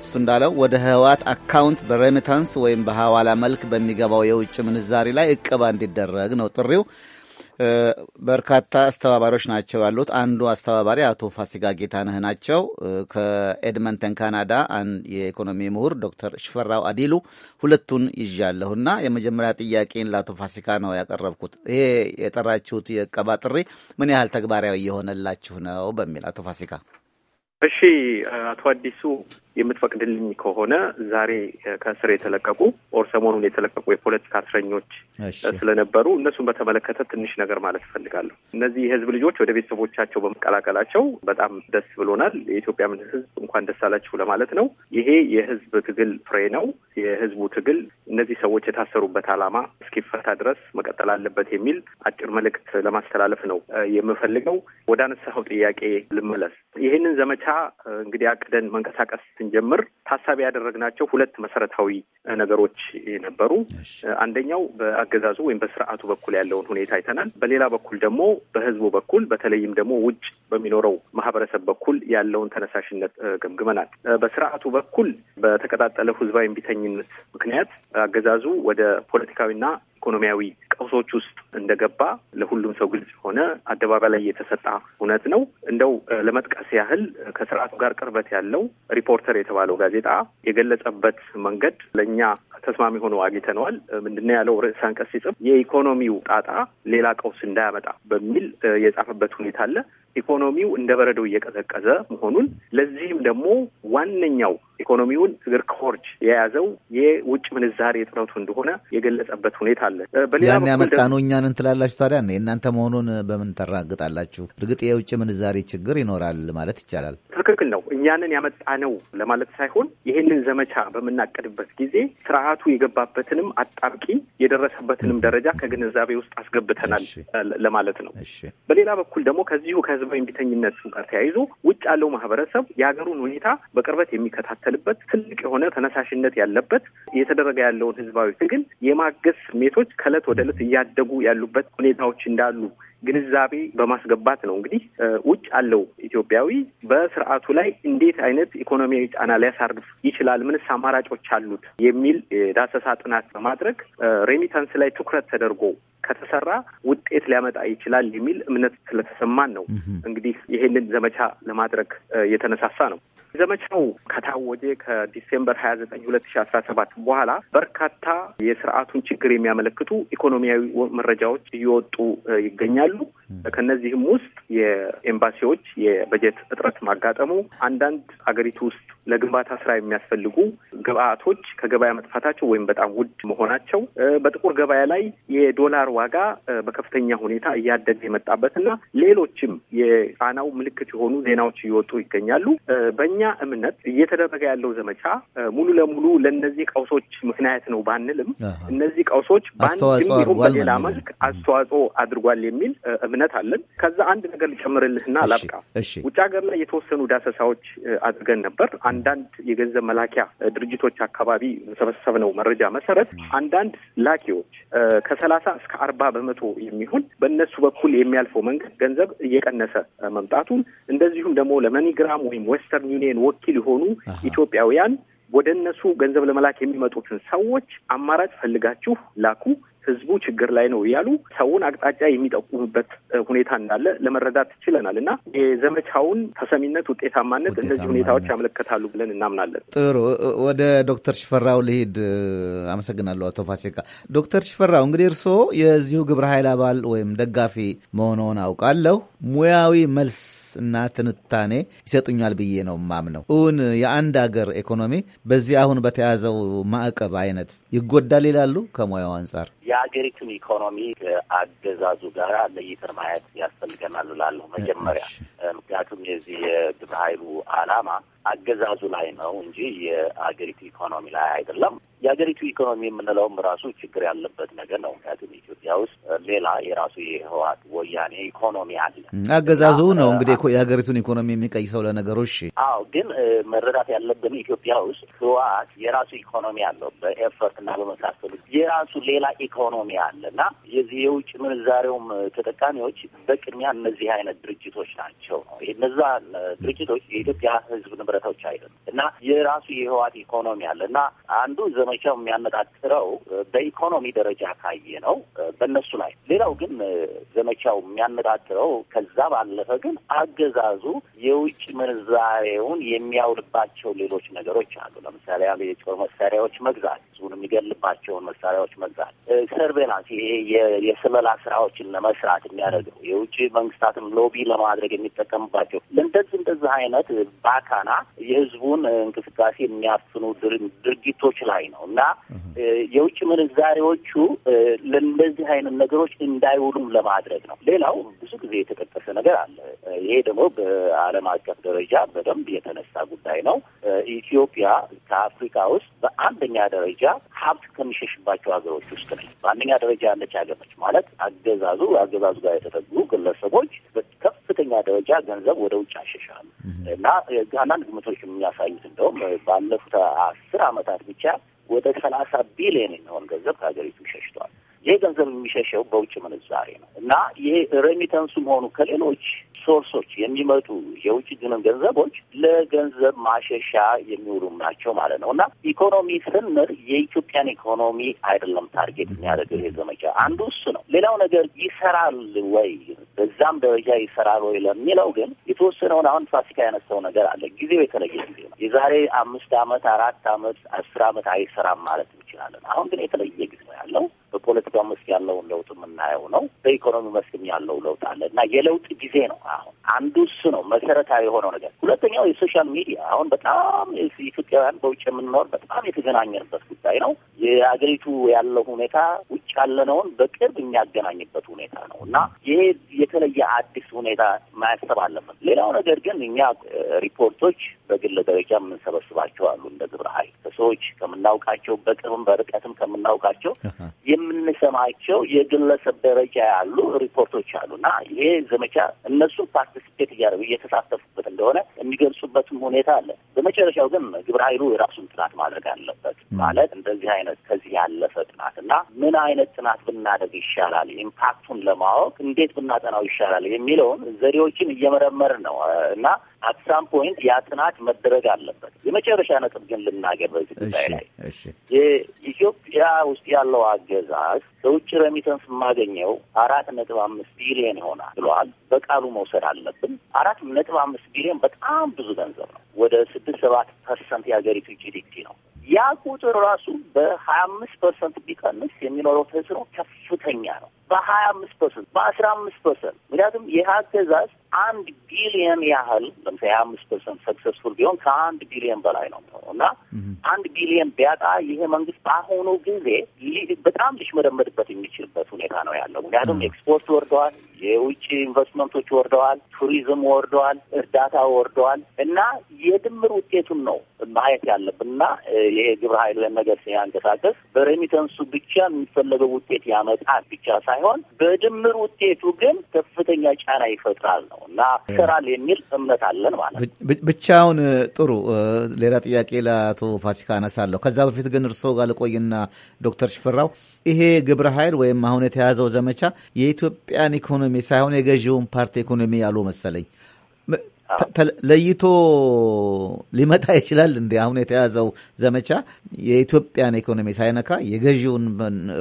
እሱ እንዳለው ወደ ህወሓት አካውንት በሬሚታንስ ወይም በሐዋላ መልክ በሚገባው የውጭ ምንዛሪ ላይ እቅባ እንዲደረግ ነው ጥሪው። በርካታ አስተባባሪዎች ናቸው ያሉት። አንዱ አስተባባሪ አቶ ፋሲጋ ጌታነህ ናቸው። ከኤድመንተን ካናዳ የኢኮኖሚ ምሁር ዶክተር ሽፈራው አዲሉ ሁለቱን ይዣለሁና የመጀመሪያ ጥያቄን ለአቶ ፋሲካ ነው ያቀረብኩት። ይሄ የጠራችሁት የቀባ ጥሪ ምን ያህል ተግባራዊ የሆነላችሁ ነው በሚል አቶ ፋሲካ። እሺ አቶ አዲሱ የምትፈቅድልኝ ከሆነ ዛሬ ከእስር የተለቀቁ ኦር ሰሞኑን የተለቀቁ የፖለቲካ እስረኞች ስለነበሩ እነሱን በተመለከተ ትንሽ ነገር ማለት እፈልጋለሁ። እነዚህ የህዝብ ልጆች ወደ ቤተሰቦቻቸው በመቀላቀላቸው በጣም ደስ ብሎናል። የኢትዮጵያ ምን ህዝብ እንኳን ደስ አላችሁ ለማለት ነው። ይሄ የህዝብ ትግል ፍሬ ነው። የህዝቡ ትግል እነዚህ ሰዎች የታሰሩበት አላማ እስኪፈታ ድረስ መቀጠል አለበት የሚል አጭር መልእክት ለማስተላለፍ ነው የምፈልገው። ወደ አነሳኸው ጥያቄ ልመለስ። ይህንን ዘመቻ እንግዲህ አቅደን መንቀሳቀስ ስንጀምር ታሳቢ ያደረግናቸው ሁለት መሰረታዊ ነገሮች ነበሩ። አንደኛው በአገዛዙ ወይም በስርዓቱ በኩል ያለውን ሁኔታ አይተናል። በሌላ በኩል ደግሞ በህዝቡ በኩል በተለይም ደግሞ ውጭ በሚኖረው ማህበረሰብ በኩል ያለውን ተነሳሽነት ገምግመናል። በስርዓቱ በኩል በተቀጣጠለው ህዝባዊ እምቢተኝነት ምክንያት አገዛዙ ወደ ፖለቲካዊና ኢኮኖሚያዊ ቀውሶች ውስጥ እንደገባ ለሁሉም ሰው ግልጽ የሆነ አደባባይ ላይ የተሰጣ እውነት ነው። እንደው ለመጥቀስ ያህል ከስርዓቱ ጋር ቅርበት ያለው ሪፖርተር የተባለው ጋዜጣ የገለጸበት መንገድ ለእኛ ተስማሚ ሆኖ አግኝተነዋል። ምንድነው ያለው? ርዕሰ አንቀጽ ሲጽፍ የኢኮኖሚው ጣጣ ሌላ ቀውስ እንዳያመጣ በሚል የጻፈበት ሁኔታ አለ። ኢኮኖሚው እንደ በረዶ እየቀዘቀዘ መሆኑን ለዚህም ደግሞ ዋነኛው ኢኮኖሚውን እግር ከወርች የያዘው የውጭ ምንዛሬ እጥረቱ እንደሆነ የገለጸበት ሁኔታ አለ። እንችላለን። ያን ያመጣ ነው እኛን ትላላችሁ ታዲያ የእናንተ መሆኑን በምን ተራግጣላችሁ? እርግጥ የውጭ ምንዛሬ ችግር ይኖራል ማለት ይቻላል። ትክክል ነው። እኛንን ያመጣ ነው ለማለት ሳይሆን ይህንን ዘመቻ በምናቀድበት ጊዜ ስርዓቱ የገባበትንም አጣብቂ የደረሰበትንም ደረጃ ከግንዛቤ ውስጥ አስገብተናል ለማለት ነው። በሌላ በኩል ደግሞ ከዚሁ ከህዝባዊ እምቢተኝነት ጋር ተያይዞ ውጭ ያለው ማህበረሰብ የሀገሩን ሁኔታ በቅርበት የሚከታተልበት ትልቅ የሆነ ተነሳሽነት ያለበት እየተደረገ ያለውን ህዝባዊ ትግል የማገዝ ስሜቱ መብቶች ከእለት ወደ እለት እያደጉ ያሉበት ሁኔታዎች እንዳሉ ግንዛቤ በማስገባት ነው። እንግዲህ ውጭ አለው ኢትዮጵያዊ በስርዓቱ ላይ እንዴት አይነት ኢኮኖሚያዊ ጫና ሊያሳርፍ ይችላል፣ ምንስ አማራጮች አሉት የሚል ዳሰሳ ጥናት በማድረግ ሬሚታንስ ላይ ትኩረት ተደርጎ ከተሰራ ውጤት ሊያመጣ ይችላል የሚል እምነት ስለተሰማን ነው እንግዲህ ይሄንን ዘመቻ ለማድረግ የተነሳሳ ነው። ዘመቻው ከታወጀ ከዲሴምበር ሀያ ዘጠኝ ሁለት ሺ አስራ ሰባት በኋላ በርካታ የስርዓቱን ችግር የሚያመለክቱ ኢኮኖሚያዊ መረጃዎች እየወጡ ይገኛሉ። ከነዚህም ውስጥ የኤምባሲዎች የበጀት እጥረት ማጋጠሙ፣ አንዳንድ አገሪቱ ውስጥ ለግንባታ ስራ የሚያስፈልጉ ግብአቶች ከገበያ መጥፋታቸው ወይም በጣም ውድ መሆናቸው፣ በጥቁር ገበያ ላይ የዶላር ዋጋ በከፍተኛ ሁኔታ እያደገ የመጣበት እና ሌሎችም የጫናው ምልክት የሆኑ ዜናዎች እየወጡ ይገኛሉ። በ በእኛ እምነት እየተደረገ ያለው ዘመቻ ሙሉ ለሙሉ ለእነዚህ ቀውሶች ምክንያት ነው ባንልም እነዚህ ቀውሶች በአንድም ይሁን በሌላ መልክ አስተዋጽኦ አድርጓል የሚል እምነት አለን። ከዛ አንድ ነገር ልጨምርልህና ላብቃ። ውጭ ሀገር ላይ የተወሰኑ ዳሰሳዎች አድርገን ነበር። አንዳንድ የገንዘብ መላኪያ ድርጅቶች አካባቢ ነው መረጃ መሰረት አንዳንድ ላኪዎች ከሰላሳ እስከ አርባ በመቶ የሚሆን በእነሱ በኩል የሚያልፈው መንገድ ገንዘብ እየቀነሰ መምጣቱን እንደዚሁም ደግሞ ለመኒግራም ወይም ዌስተርን ዩኒየን ይሄን ወኪል የሆኑ ኢትዮጵያውያን ወደ እነሱ ገንዘብ ለመላክ የሚመጡትን ሰዎች አማራጭ ፈልጋችሁ ላኩ፣ ህዝቡ ችግር ላይ ነው እያሉ ሰውን አቅጣጫ የሚጠቁሙበት ሁኔታ እንዳለ ለመረዳት ችለናል እና የዘመቻውን ተሰሚነት፣ ውጤታማነት እነዚህ ሁኔታዎች ያመለከታሉ ብለን እናምናለን። ጥሩ ወደ ዶክተር ሽፈራው ልሂድ። አመሰግናለሁ አቶ ፋሲካ። ዶክተር ሽፈራው እንግዲህ እርስዎ የዚሁ ግብረ ኃይል አባል ወይም ደጋፊ መሆንዎን አውቃለሁ። ሙያዊ መልስ እና ትንታኔ ይሰጡኛል ብዬ ነው የማምነው። እውን የአንድ አገር ኢኮኖሚ በዚህ አሁን በተያዘው ማዕቀብ አይነት ይጎዳል ይላሉ? ከሙያው አንጻር የአገሪቱን ኢኮኖሚ ከአገዛዙ ጋር ለይተን ማየት ያስፈልገናል እላለሁ መጀመሪያ። ምክንያቱም የዚህ የግብረ ኃይሉ አላማ አገዛዙ ላይ ነው እንጂ የአገሪቱ ኢኮኖሚ ላይ አይደለም። የአገሪቱ ኢኮኖሚ የምንለውም ራሱ ችግር ያለበት ነገር ነው። ምክንያቱም ኢትዮጵያ ውስጥ ሌላ የራሱ የህወሓት ወያኔ ኢኮኖሚ አለ። አገዛዙ ነው እንግዲህ የሀገሪቱን ኢኮኖሚ የሚቀይ ሰው ለነገሮች። አዎ። ግን መረዳት ያለብን ኢትዮጵያ ውስጥ ህወሓት የራሱ ኢኮኖሚ አለው። በኤፈርት እና በመሳሰሉ የራሱ ሌላ ኢኮኖሚ አለ እና የዚህ የውጭ ምንዛሬውም ተጠቃሚዎች በቅድሚያ እነዚህ አይነት ድርጅቶች ናቸው። እነዛ ድርጅቶች የኢትዮጵያ ህዝብ ንብረት መሰረታዎች አይደሉም እና የራሱ የህወሓት ኢኮኖሚ አለ እና አንዱ ዘመቻው የሚያነጣጥረው በኢኮኖሚ ደረጃ ካየ ነው በእነሱ ላይ። ሌላው ግን ዘመቻው የሚያነጣጥረው ከዛ ባለፈ ግን አገዛዙ የውጭ ምንዛሬውን የሚያውልባቸው ሌሎች ነገሮች አሉ። ለምሳሌ የጦር መሳሪያዎች መግዛት፣ ህዝቡን የሚገልባቸውን መሳሪያዎች መግዛት፣ ሰርቬላንስ፣ ይሄ የስለላ ስራዎችን ለመስራት የሚያደርገው የውጭ መንግስታትም ሎቢ ለማድረግ የሚጠቀምባቸው እንደዚህ እንደዚህ አይነት ባካና የህዝቡን እንቅስቃሴ የሚያፍኑ ድርጊቶች ላይ ነው እና የውጭ ምንዛሬዎቹ ለእንደዚህ አይነት ነገሮች እንዳይውሉም ለማድረግ ነው። ሌላው ብዙ ጊዜ የተጠቀሰ ነገር አለ። ይሄ ደግሞ በዓለም አቀፍ ደረጃ በደንብ የተነሳ ጉዳይ ነው። ኢትዮጵያ ከአፍሪካ ውስጥ በአንደኛ ደረጃ ሀብት ከሚሸሽባቸው ሀገሮች ውስጥ ነች። በአንደኛ ደረጃ ያለች ሀገር ነች ማለት አገዛዙ አገዛዙ ጋር የተጠጉ ግለሰቦች በከፍተኛ ደረጃ ገንዘብ ወደ ውጭ አሸሻሉ እና አንዳንድ ግምቶች የሚያሳዩት እንደውም ባለፉት አስር አመታት ብቻ ወደ ሰላሳ ቢሊዮን የሚሆን ገንዘብ ከሀገሪቱ ሸሽቷል። ይሄ ገንዘብ የሚሸሸው በውጭ ምንዛሬ ነው እና ይሄ ሬሚተንሱም ሆኑ ከሌሎች ሶርሶች የሚመጡ የውጭ ግንም ገንዘቦች ለገንዘብ ማሸሻ የሚውሉም ናቸው ማለት ነው እና ኢኮኖሚ ስንር የኢትዮጵያን ኢኮኖሚ አይደለም ታርጌት የሚያደርገው ይሄ ዘመቻ አንዱ እሱ ነው። ሌላው ነገር ይሰራል ወይ በዛም ደረጃ ይሰራል ወይ ለሚለው ግን የተወሰነውን አሁን ፋሲካ ያነሳው ነገር አለ። ጊዜው የተለየ ጊዜ ነው። የዛሬ አምስት ዓመት አራት ዓመት አስር ዓመት አይሰራም ማለት እንችላለን። አሁን ግን የተለየ ጊዜ ነው ያለው። በፖለቲካ መስክ ያለውን ለውጥ የምናየው ነው። በኢኮኖሚ መስክም ያለው ለውጥ አለ እና የለውጥ ጊዜ ነው አሁን። አንዱ እሱ ነው መሰረታዊ የሆነው ነገር። ሁለተኛው የሶሻል ሚዲያ አሁን በጣም ኢትዮጵያውያን በውጭ የምንኖር በጣም የተገናኘንበት ጉዳይ ነው። የአገሪቱ ያለው ሁኔታ ውጭ ያለነውን በቅርብ የሚያገናኝበት ሁኔታ ነው እና ይሄ የተለየ አዲስ ሁኔታ ማያሰብ አለብን። ሌላው ነገር ግን እኛ ሪፖርቶች በግል ደረጃ የምንሰበስባቸው አሉ እንደ ግብረ ኃይል ከሰዎች ከምናውቃቸው በቅርብም በርቀትም ከምናውቃቸው የምንሰማቸው የግለሰብ ደረጃ ያሉ ሪፖርቶች አሉና ይሄ ዘመቻ እነሱ ፓርቲስፔት እያደረጉ እየተሳተፉበት እንደሆነ የሚገልጹበትም ሁኔታ አለ። በመጨረሻው ግን ግብረ ኃይሉ የራሱን ጥናት ማድረግ አለበት። ማለት እንደዚህ አይነት ከዚህ ያለፈ ጥናት እና ምን አይነት ጥናት ብናደርግ ይሻላል፣ ኢምፓክቱን ለማወቅ እንዴት ብናጠናው ይሻላል የሚለውን ዘዴዎችን እየመረመር ነው እና አትሳም ፖይንት ያ ጥናት መደረግ አለበት። የመጨረሻ ነጥብ ግን ልናገር በዚህ ጉዳይ ላይ የኢትዮጵያ ውስጥ ያለው አገዛዝ በውጭ ረሚተንስ የማገኘው አራት ነጥብ አምስት ቢሊዮን ይሆናል ብለዋል። በቃሉ መውሰድ አለብን። አራት ነጥብ አምስት ቢሊዮን በጣም ብዙ ገንዘብ ነው። ወደ ስድስት ሰባት ፐርሰንት የሀገሪቱ ጂዲፒ ነው። ያ ቁጥር ራሱ በሀያ አምስት ፐርሰንት ቢቀንስ የሚኖረው ተጽዕኖ ከፍተኛ ነው። በሀያ አምስት ፐርሰንት፣ በአስራ አምስት ፐርሰንት ምክንያቱም ይህ አገዛዝ አንድ ቢሊየን ያህል ለምሳሌ ሀያ አምስት ፐርሰንት ሰክሰስፉል ቢሆን ከአንድ ቢሊየን በላይ ነው እና አንድ ቢሊየን ቢያጣ ይሄ መንግስት በአሁኑ ጊዜ በጣም ሊሽመደመድበት የሚችልበት ሁኔታ ነው ያለው። ምክንያቱም ኤክስፖርት ወርደዋል፣ የውጭ ኢንቨስትመንቶች ወርደዋል፣ ቱሪዝም ወርደዋል፣ እርዳታ ወርደዋል እና የድምር ውጤቱን ነው ማየት ያለብን እና ይሄ ግብረ ኃይልን ነገር ሲያንቀሳቀስ በሬሚተንሱ ብቻ የሚፈለገው ውጤት ያመጣል ብቻ ሳይሆን በድምር ውጤቱ ግን ከፍተኛ ጫና ይፈጥራል ነው እና ይሰራል የሚል እምነት አለን ማለት ነው። ብቻውን ጥሩ። ሌላ ጥያቄ ለአቶ ፋሲካ አነሳለሁ። ከዛ በፊት ግን እርስዎ ጋር ልቆይና ዶክተር ሽፈራው ይሄ ግብረ ኃይል ወይም አሁን የተያዘው ዘመቻ የኢትዮጵያን ኢኮኖሚ ኢኮኖሚ ሳይሆን የገዢውን ፓርቲ ኢኮኖሚ ያሉ መሰለኝ ለይቶ ሊመጣ ይችላል። እንዲ አሁን የተያዘው ዘመቻ የኢትዮጵያን ኢኮኖሚ ሳይነካ የገዢውን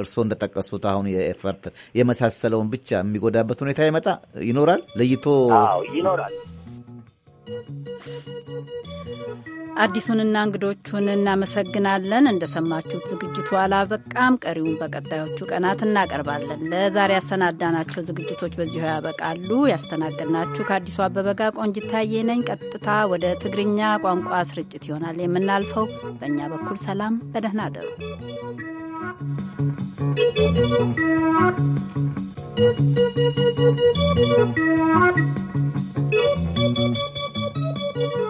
እርስዎ እንደጠቀሱት አሁን የኤፈርት የመሳሰለውን ብቻ የሚጎዳበት ሁኔታ ይመጣ ይኖራል። ለይቶ ይኖራል። አዲሱንና እንግዶቹን እናመሰግናለን። እንደሰማችሁት ዝግጅቱ አላበቃም። ቀሪውን በቀጣዮቹ ቀናት እናቀርባለን። ለዛሬ ያሰናዳናቸው ዝግጅቶች በዚሁ ያበቃሉ። ያስተናገድናችሁ ከአዲሱ አበበ ጋር ቆንጅታዬ ነኝ። ቀጥታ ወደ ትግርኛ ቋንቋ ስርጭት ይሆናል የምናልፈው። በእኛ በኩል ሰላም፣ በደህና አደሩ። Thank you.